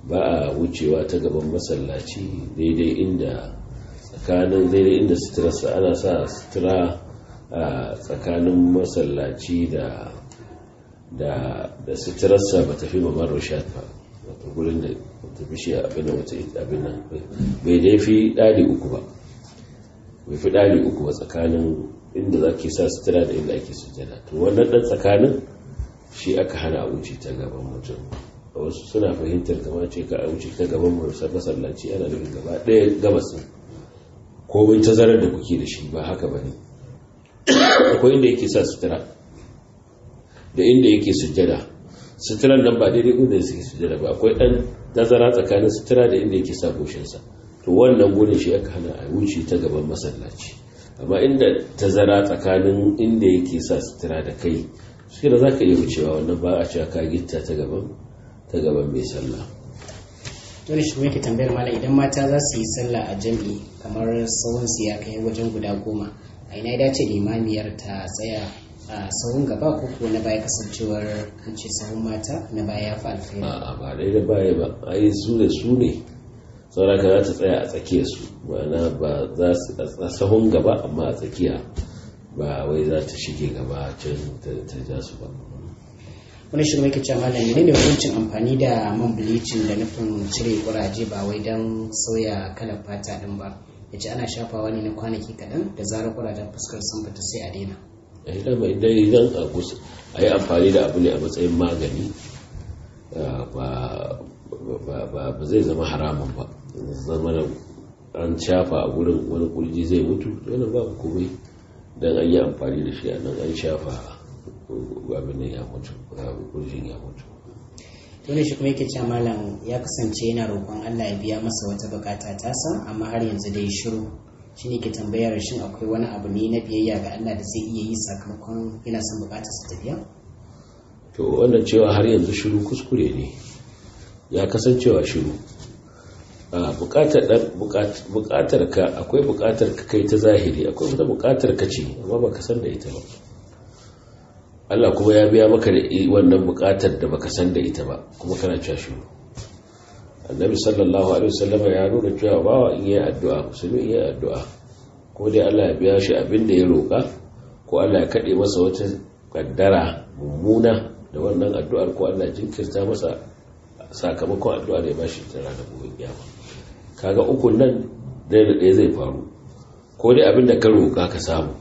ba a wucewa ta gaban masallaci daidai inda tsakanin daidai inda sutura ana sa sutura a tsakanin masallaci da da da suturarsa ba tafi mamar sha ba wato gurin da ta bishi abin da wata abin nan bai dai fi ɗali uku ba bai fi ɗali uku ba tsakanin inda za ke sa sutura da inda ake sutura to wannan ɗan tsakanin shi aka hana wuce ta gaban mutum a wasu suna fahimtar kama ce ka a wuce ta gaban masallaci ana nufin gaba ɗaya gabasin bin tazarar da kuke da shi ba haka ba ne akwai inda yake sa sutura da inda yake sujjada suturan nan ba daidai inda suke sujjada ba akwai ɗan tazara tsakanin sutura da inda yake sa goshinsa to wannan gudun shi aka hana a wuce ta gaban masallaci amma inda tazara tsakanin inda yake sa sutura da kai shi da za ka iya wucewa wannan ba a cewa ka gitta ta gaban ta gaban mai sallah wani shi yake tambayar mala idan mata za su yi sallah a jam'i kamar tsawon su ya kai wajen guda goma a ina ya dace limamiyar ta tsaya a tsawon gaba ko kuwa na baya kasancewar an ce tsawon mata na baya ya fi alfahari a ba dai da baya ba a yi su ne su ne ka za ta tsaya a tsakiyar su ma'ana ba za su a tsawon gaba amma a tsakiya ba wai za ta shige gaba can ta ja su ba wani shi mai kacce malam ne ne hukuncin amfani da man bleaching da nufin cire kuraje ba wai don sauya kalar fata din ba yace ana shafawa ne na kwanaki kaɗan da zarar kurajen fuskar sun fita sai a daina eh, idan idan a yi amfani da abu ne a matsayin magani ba zai zama haramun ba zama da an shafa a gurin wani kurji zai mutu wannan babu komai don an yi amfani da shi a nan an shafa abin ya mutu kurjin ya mutu dole shi kuma yake cewa malam ya kasance yana roƙon Allah ya biya masa wata bukata tasa amma har yanzu dai shiru shi ne ke tambayar shin akwai wani abu ne na biyayya ga Allah da zai iya yi sakamakon yana son bukatar su tafiya to wannan cewa har yanzu shiru kuskure ne ya kasancewa shiru bukatar ka akwai bukatar ka kai ta zahiri akwai wata bukatar ka ce amma baka san da ita ba Allah kuma ya biya maka da wannan bukatar da baka san da ita ba kuma kana cewa shi annabi sallallahu alaihi wasallam ya nuna cewa bawa in yi addu'a musulmi in yi addu'a ko dai Allah ya biya shi abin da ya roka ko Allah ya kade masa wata kaddara mummuna da wannan addu'ar ko Allah jinkirta masa sakamakon addu'ar ya bashi ta ranar gobe kiyama kaga ukun nan da ɗaya zai faru ko dai abin da ka roka ka samu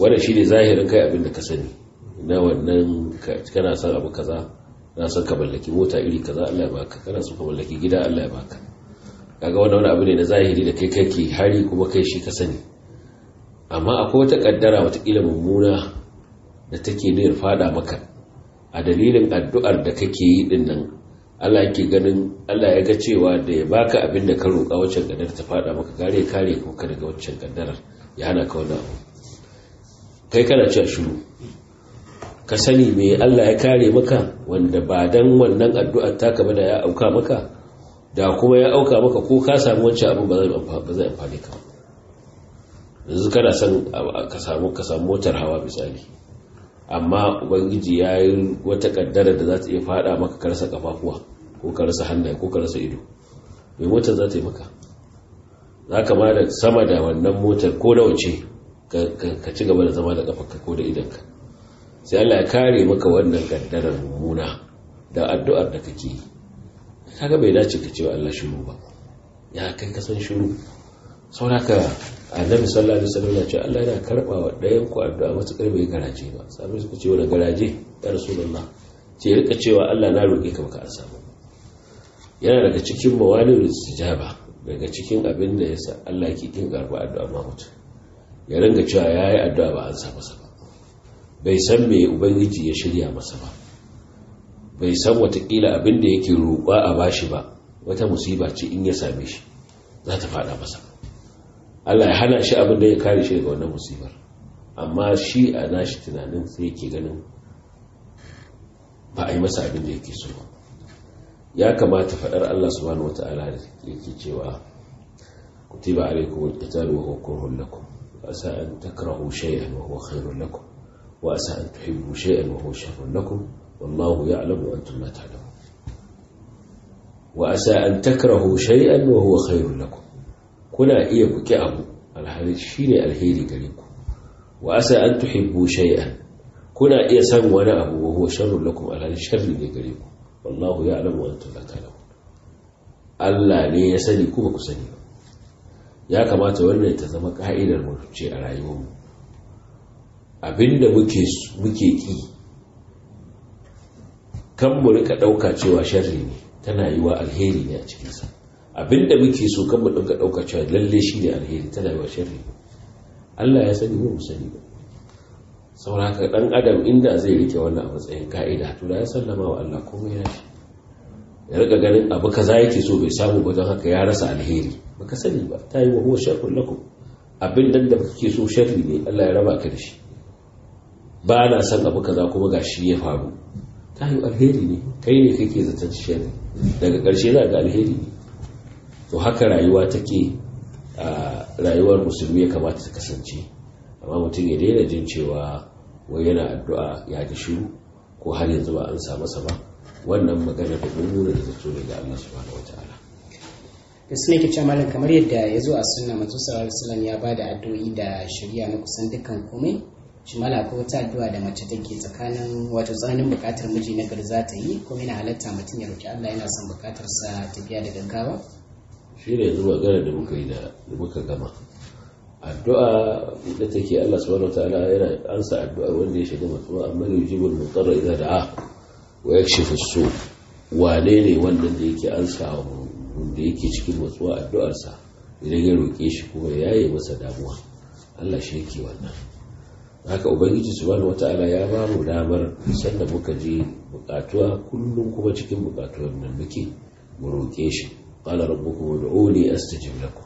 wanda shi ne zahirin kai abin da ka sani na wannan kana son abu kaza na son ka mallaki mota iri kaza Allah ya baka kana son ka mallaki gida Allah ya baka kaga wannan wani abu ne na zahiri da kai kake hari kuma kai shi ka sani amma akwai wata kaddara watakila mummuna da take niyyar fada maka a dalilin addu'ar da kake yi din nan Allah yake ganin Allah ya ga cewa da ya baka abin da ka roƙa wacce kaddara ta fada maka ya kare ko ka daga wacce kaddarar ya hana ka wannan abu kai kana cin shiru ka sani me Allah ya kare maka wanda ba dan wannan addu'ar taka bada da ya auka maka da kuma ya auka maka ko ka samu wancan abin ba zai amfani ka yanzu kana san ka samu ka samu motar hawa misali amma ubangiji ya yi wata kaddara da za ta iya fada maka ka rasa kafafuwa ko ka rasa hannaye ko ka rasa ido me motar za ta yi maka za ka ma da sama da wannan motar ko da wace ka ci gaba da zama da kafa ko da idanka sai Allah ya kare maka wannan kaddarar muna da addu'ar da kake yi kaga bai dace ka ce wa Allah shiru ba ya kai ka san shiru sauraka annabi sallallahu alaihi wasallam ya ce Allah yana karba wa dayan ku addu'a matakar bai garaje ba sabai suka ce wa garaje ya rasulullah ce rika cewa Allah na roke ka baka ansa ba yana daga cikin mawalin sijaba daga cikin abin da yasa Allah ke kin karba addu'a ma mutum ya ringa cewa ya yi addu'a ba an sa masa ba bai san me ubangiji ya shirya masa ba bai san watakila abin da yake roƙa a bashi ba wata musiba ce in ya same shi za ta faɗa masa Allah ya hana shi abin da ya kare shi daga wannan musibar amma shi a nashi tunanin sai yake ganin ba a yi masa abin da yake so ba ya kamata faɗar Allah subhanahu wata'ala da yake cewa kutiba alaikum wa huwa وأسى أن تكرهوا شيئا وهو خير لكم وأسى أن تحبوا شيئا وهو شر لكم والله يعلم وأنتم لا تعلمون وأسى أن تكرهوا شيئا وهو خير لكم كنا إيه بكأب أبو الحديث شيني الهيري قريبكم وأسى أن تحبوا شيئا كنا إيه سن ونأب وهو شر لكم الحديث شر قريبكم والله يعلم وأنتم لا تعلمون ألا ليسني كوبك sani ya kamata wannan ta zama ka'idar mu ce a rayuwarmu abinda muke muke ki kan mu rika dauka cewa sharri ne tana wa alheri ne a cikin sa abinda muke so kan mu dinka dauka cewa lalle shi ne alheri tana wa sharri ne Allah ya sani mu sani ba sauraka dan adam inda zai rike wannan a matsayin ka'ida to da ya sallama wa Allah komai ya shi ya rika ganin abu kaza yake so bai samu ba don haka ya rasa alheri baka sani ba ta yi wa huwa sharrun lakum abin da da kake so sharri ne Allah ya raba ka da shi ba na san abu kaza kuma gashi ya faru ta yi alheri ne kai ne kake zaton sharri daga ƙarshe za ga alheri ne to haka rayuwa take a rayuwar musulmi ya kamata ta kasance amma mutum ya daina jin cewa wai yana addu'a ya ji shiru ko har yanzu ba an sa masa ba wannan magana da mummuna da zato ne ga Allah subhanahu wataala da suna ke cewa malam kamar yadda ya zo a sunna manzo sallallahu alaihi wasallam ya bada addu'o'i da shari'a na kusan dukkan komai shi mala ko wata addu'a da mace take tsakanin wato tsananin bukatar miji na gari za ta yi ko yana halatta mutum ya roki Allah yana son bukatar sa tafiya da gaggawa shi ne zuba garin da muka yi da muka gama addu'a da take Allah subhanahu wataala yana ansa addu'ar wanda ya shiga matsuwa amma yujibul mutarra idza da'a wa yakshifu su wane ne wanda da yake ansa wa wanda yake cikin matsuwa addu'arsa idan ya roƙe shi kuma ya yi masa damuwa Allah shi yake wannan haka ubangiji subhanahu wata'ala ya ba mu damar sanda muka je bukatuwa kullum kuma cikin bukatuwar nan muke mu roƙe shi qala rabbukum ud'uni astajib lakum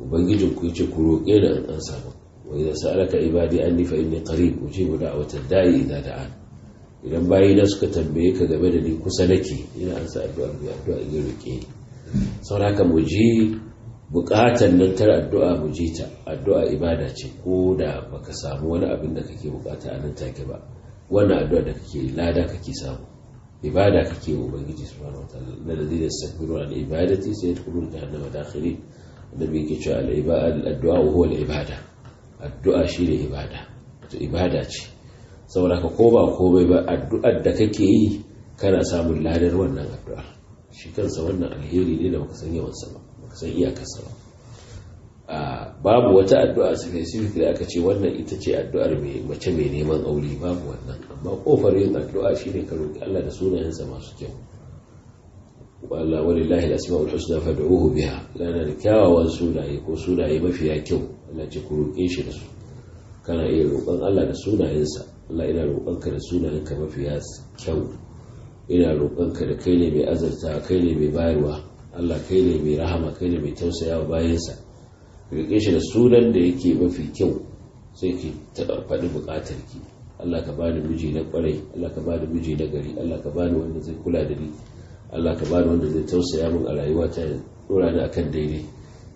ubangijin ku yace ku roƙe ni an samu wa idza sa'alaka ibadi anni fa inni qarib ujibu da'wata da'i idza da'an idan bayina suka tambaye ka game da ni kusa nake ina ansa addu'a mu addu'a in roke saboda haka mu ji nan tar addu'a mu je ta addu'a ibada ce ko da baka samu wani abin da kake bukata a nan take ba wannan addu'a da kake lada kake samu ibada kake wa ubangiji subhanahu wataala da ladina sabiru al ibadati sayadkhuluna jahannama dakhirin annabi yake cewa al ibada addu'a huwa al ibada addu'a shine ibada to ibada ce saboda ka ko ba komai ba addu'ar da kake yi kana samun ladar wannan addu'ar shi kansa wannan alheri ne da baka san yawansa ba baka san iyakarsa ba babu wata addu'a specific da aka ce wannan ita ce addu'ar mace mai neman aure babu wannan amma kofar yin addu'a shine ka roki Allah da sunayensa masu kyau wala walillahi al-asmaul husna fad'uhu biha lana da kyawawan sunaye ko sunaye mafiya kyau Allah ce ku roke shi da su kana iya roƙon Allah da sunayensa Allah ina roƙonka da sunanka mafiya kyau ina roƙonka da kai ne mai azarta kai ne mai bayarwa Allah kai ne mai rahama kai ne mai tausaya wa bayansa riƙe shi da sunan da yake mafi kyau sai ki faɗi buƙatar ki Allah ka bani miji na ƙwarai Allah ka bani miji na gari Allah ka bani wanda zai kula da ni Allah ka bani wanda zai tausaya min a rayuwa ta dora ni akan daidai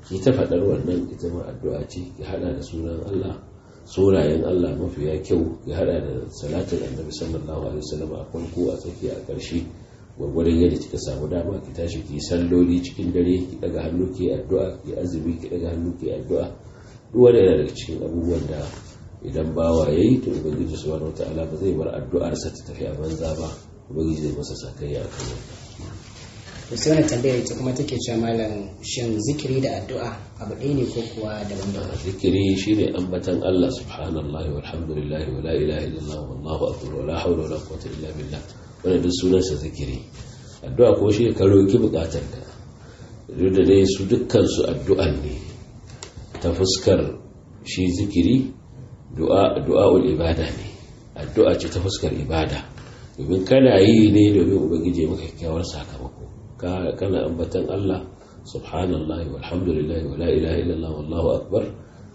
ki ta faɗar wannan ita ma addu'a ce ki haɗa da sunan Allah sunayen Allah mafiya kyau ya hada da salatin annabi sallallahu alaihi wasallam a farko a tsakiya a ƙarshe gwagwarin yadda kika samu dama ki tashi ki salloli cikin dare ki daga hannu ki addu'a ki azumi ki daga hannu ki addu'a duk wanda yana daga cikin abubuwan da idan bawa yayi to ubangiji subhanahu wataala ba zai bar addu'arsa ta tafi a banza ba ubangiji zai masa sakayya akan wannan to sai wani tambayar ita kuma take cewa malam shin zikiri da addu'a abu ɗaya ne ko kuwa daban daban zikiri shine ambatan Allah subhanallahi walhamdulillahi wala ilaha illallah wallahu akbar wala hawla wala quwwata illa billah wannan duk sunan sa zikiri addu'a ko shi ka roki bukatarka duk da dai su dukkan su addu'an ne ta fuskar shi zikiri du'a du'aul ibada ne addu'a ce ta fuskar ibada domin kana yi ne domin ubangiji maka kyakkyawar sakamako kana ambatan Allah subhanallahi walhamdulillahi wala ilaha illallah wallahu akbar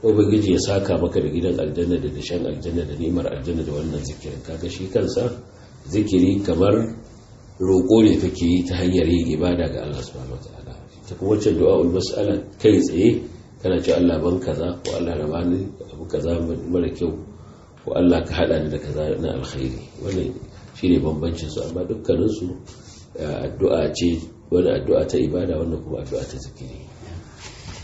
ubangiji ya saka maka da gidan aljanna da dashen aljanna da ni'imar aljanna da wannan zikirin kaga shi kansa zikiri kamar roƙo ne kake yi ta hanyar yin ibada ga Allah subhanahu wataala ta kuma wacce du'a'ul mas'ala kai tsaye kana ce Allah ban kaza ko Allah da bani abu kaza mara kyau ko Allah ka hada ni da kaza na alkhairi wannan shine bambancin su amma dukkanin su addu'a ce wani addu'a ta ibada wanda kuma addu'a ta zikiri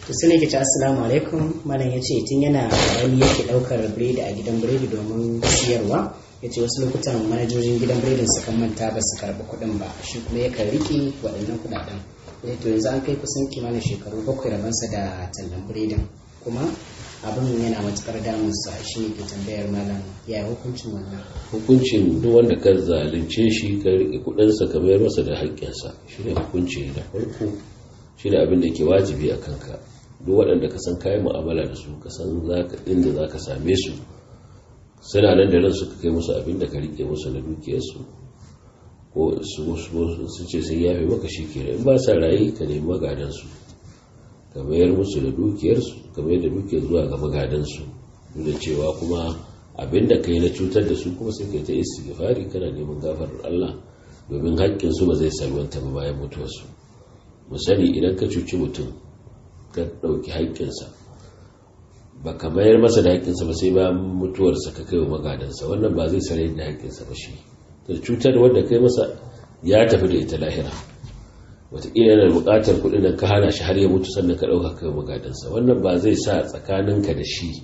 to sai nake ce assalamu alaikum malam yace tun yana wani yake daukar biredi a gidan biredi domin siyarwa yace wasu lokutan manajojin gidan biredin su kan manta ba su karɓi kuɗin ba shi kuma yakan riƙe waɗannan kuɗaɗen to yanzu an kai kusan kimanin shekaru bakwai rabansa da tallan biredin kuma abin yana matukar damun sa ne ke tambayar malam ya hukuncin wannan hukuncin duk wanda ka zalunce shi ka rike kudin ka bayar masa da haƙƙinsa sa shine hukunci da farko shine abin da ke wajibi a kanka duk waɗanda ka san kayan mu'amala da su ka san zaka za ka same su suna nan da nan suka kai musu abin da ka rike musu na dukiyarsu ko su ce sun yafe maka shi ke in ba sa raye ka nemi magadansu ka mayar musu da dukiyarsu ka mayar da dukiyar zuwa ga magadansu da cewa kuma abinda ka yi na cutar da su kuma sai ka yi ta istighfari kana neman gafarar Allah domin haƙƙin su ba zai salwanta ba bayan mutuwarsu mu idan ka cuci mutum ka ɗauki haƙƙinsa ba ka mayar masa da haƙƙinsa ba sai bayan mutuwarsa ka kai wa magadansa wannan ba zai sarai da haƙƙinsa ba shi cutar wanda kai masa ya tafi da ita lahira wataƙila yana buƙatar kuɗin da ka hana shi har ya mutu sannan ka ɗauka kai magadansa wannan ba zai sa tsakaninka da shi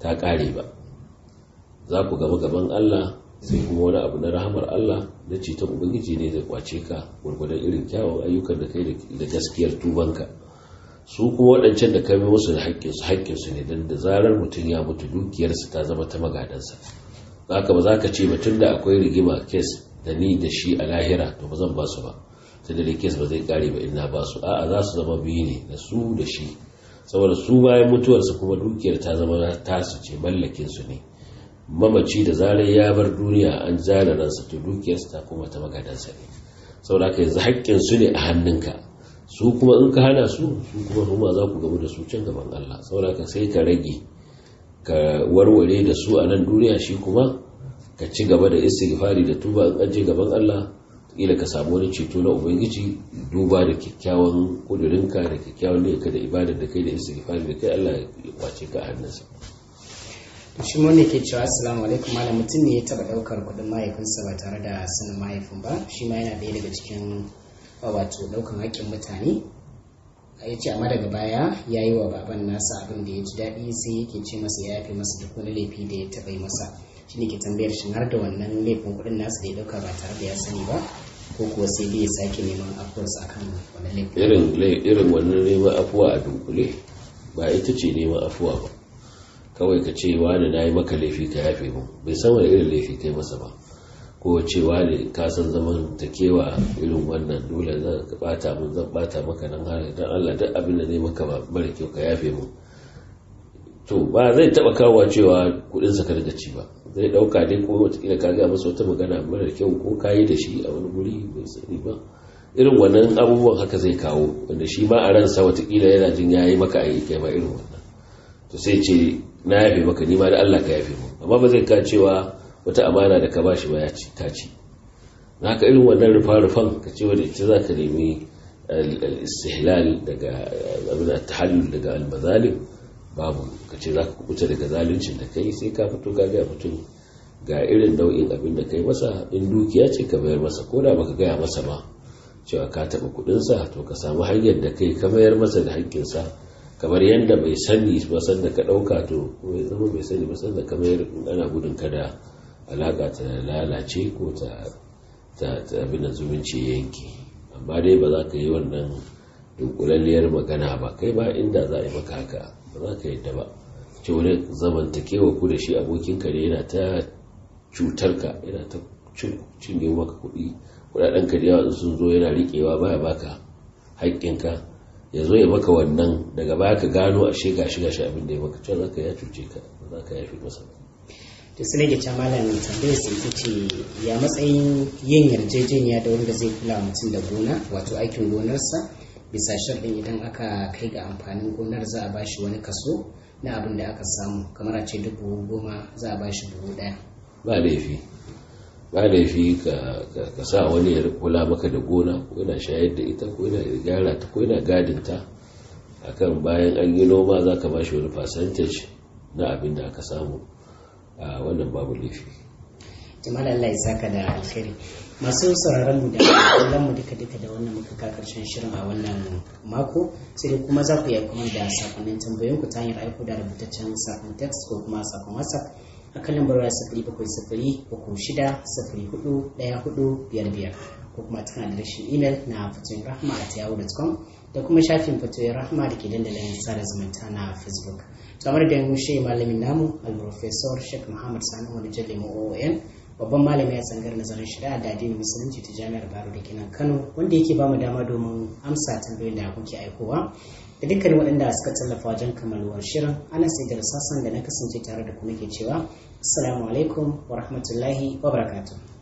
ta ƙare ba za ku gama gaban Allah sai kuma wani abu na rahamar Allah na ceton ubangiji ne zai kwace ka gwargwadon irin kyawun ayyukan da kai da gaskiyar tubanka su kuma waɗancan da kai musu da haƙƙinsu haƙƙinsu ne don da zarar mutum ya mutu dukiyarsa ta zama ta magadansa za ba za ka ce mutum da akwai rigima kes da ni da shi a lahira to ba zan ba su ba tunda da kes ba zai kare ba ina ba su a'a za su zama biyu ne da su da shi saboda su bayan mutuwarsa kuma dukiyar ta zama tasu ce mallakin su ne mamaci da zarar ya bar duniya an zana ransa to dukiyarsa ta kuma ta magadansa ne saboda haka yanzu haƙƙin su ne a hannunka su kuma in ka hana su su kuma kuma za ku gamu da su can gaban Allah saboda haka sai ka rage ka warware da su a nan duniya shi kuma ka ci gaba da istighfari da tuba in aje gaban Allah kila ka samu wani ceto na ubangiji duba da kyakkyawan kudurinka da kyakkyawan niyyarka da ibadar da kai da isa istighfar da kai Allah ya kwace ka a hannunsa shi ne ke cewa assalamu alaikum malam mutum ne ya taba daukar kudin mahaifinsa ba tare da sanin mahaifin ba shi ma yana daya daga cikin wato daukan hakkin mutane ya ce amma daga baya ya yi wa baban nasa abin da ya ji daɗi sai yake ce masa ya yafe masa duk wani laifi da ya taɓa yi masa shi ne ke tambayar shin har da wannan laifin kuɗin nasa da ya dauka ba tare da ya sani ba ko kuwa sai dai sake neman afuwarsa kan wani laifin irin wannan neman afuwa a dunkule ba ita ce neman afuwa ba kawai ka ce wani na yi maka laifi ka yafe mu bai san wani irin laifi kai masa ba ko cewa ne ka san zaman ta kewa irin wannan dole zan bata mun zan bata maka nan har dan Allah duk abin da zai maka ba kyau ka yafe mu to ba zai taba kawo cewa kudin sa ka riga ci ba zai dauka dai ko watakila ka gaya masa wata magana mara kyau ko kayi da shi a wani guri bai sani ba irin wannan abubuwan haka zai kawo wanda shi ma a ransa watakila yana jin ya yi maka aiki kai ma irin wannan to sai ce na yafe maka ni ma da Allah ka yafe mu amma ba zai ka cewa wata amana da ka ba shi ba ya ci ta ci na haka irin wannan rufa-rufan ka ce wanda ita za ka nemi eh, al-istihlal daga eh, abin da tahallul daga al-mazalim babu ka ce za ka kubuta daga zaluncin da kai sai ka fito ka gaya mutum ga irin nau'in abin da kai masa in dukiya ce ka mayar masa ko da baka gaya masa ba cewa ka taɓa kuɗinsa to ka samu hanyar da kai ka mayar masa da hankinsa kamar yadda bai sani ba sanda ka ɗauka to bai zama bai sani ba sanda ka mayar in ana gudun kada alaƙa ta lalace ko ta abin da zumunci yanki amma dai ba za ka yi wannan dunkulalliyar magana ba kai ba inda za a yi maka haka ba za ka yadda ba ce wani zamantakewa ku da shi abokinka ne yana ta cutarka yana ta cinye maka kuɗi kuɗaɗen ka yawa sun zo yana riƙewa baya baka haƙƙinka ya zo ya maka wannan daga baya ka gano ashe shiga shi abin da ya maka cewa zaka ya cuce ka ba za ka yafi masa to sai ga malam tambayar sai ta ce ya matsayin yin yarjejeniya da wanda zai kula mutum da gona wato aikin gonarsa bisa sharɗin idan aka kai ga amfanin gonar za a ba shi wani kaso na abin da aka samu kamar a ce dubu goma za a ba shi buhu ɗaya ba laifi ba laifi ka sa wani ya kula maka da gona ko yana shayar da ita ko yana gyara ta ko yana gadin ta akan bayan an yi noma za ka ba shi wani percentage na abin da aka samu a wannan babu laifi jama'a lallai saka da alkhairi. masu sauraron mu da kallon mu duka duka da wannan muka ka karshen shirin a wannan mako sai dai kuma za ku iya kuma da sakonnin tambayoyin ku ta hanyar aiko da rubutaccen sakon text ko kuma sakon whatsapp a kan lambar waya sifiri bakwai sifiri uku shida sifiri hudu ɗaya hudu biyar biyar ko kuma ta adireshin imel na fatoyin rahama a yahoo.com da kuma shafin fatoyin rahama da ke dandalin sada zumunta na facebook tamar da yin malamin namu al-professor sheikh muhammad sani wani jirgin mu oon babban malami a tsangar nazarin shari'a da addinin musulunci ta jami'ar baro da kenan kano wanda yake mu dama domin amsa tambayoyin da kuke aikowa da dukkanin waɗanda suka tallafa wajen kammaluwar shirin ana sai da sassan da na kasance tare da kuma ke cewa assalamu alaikum wa rahmatullahi wa barakatuh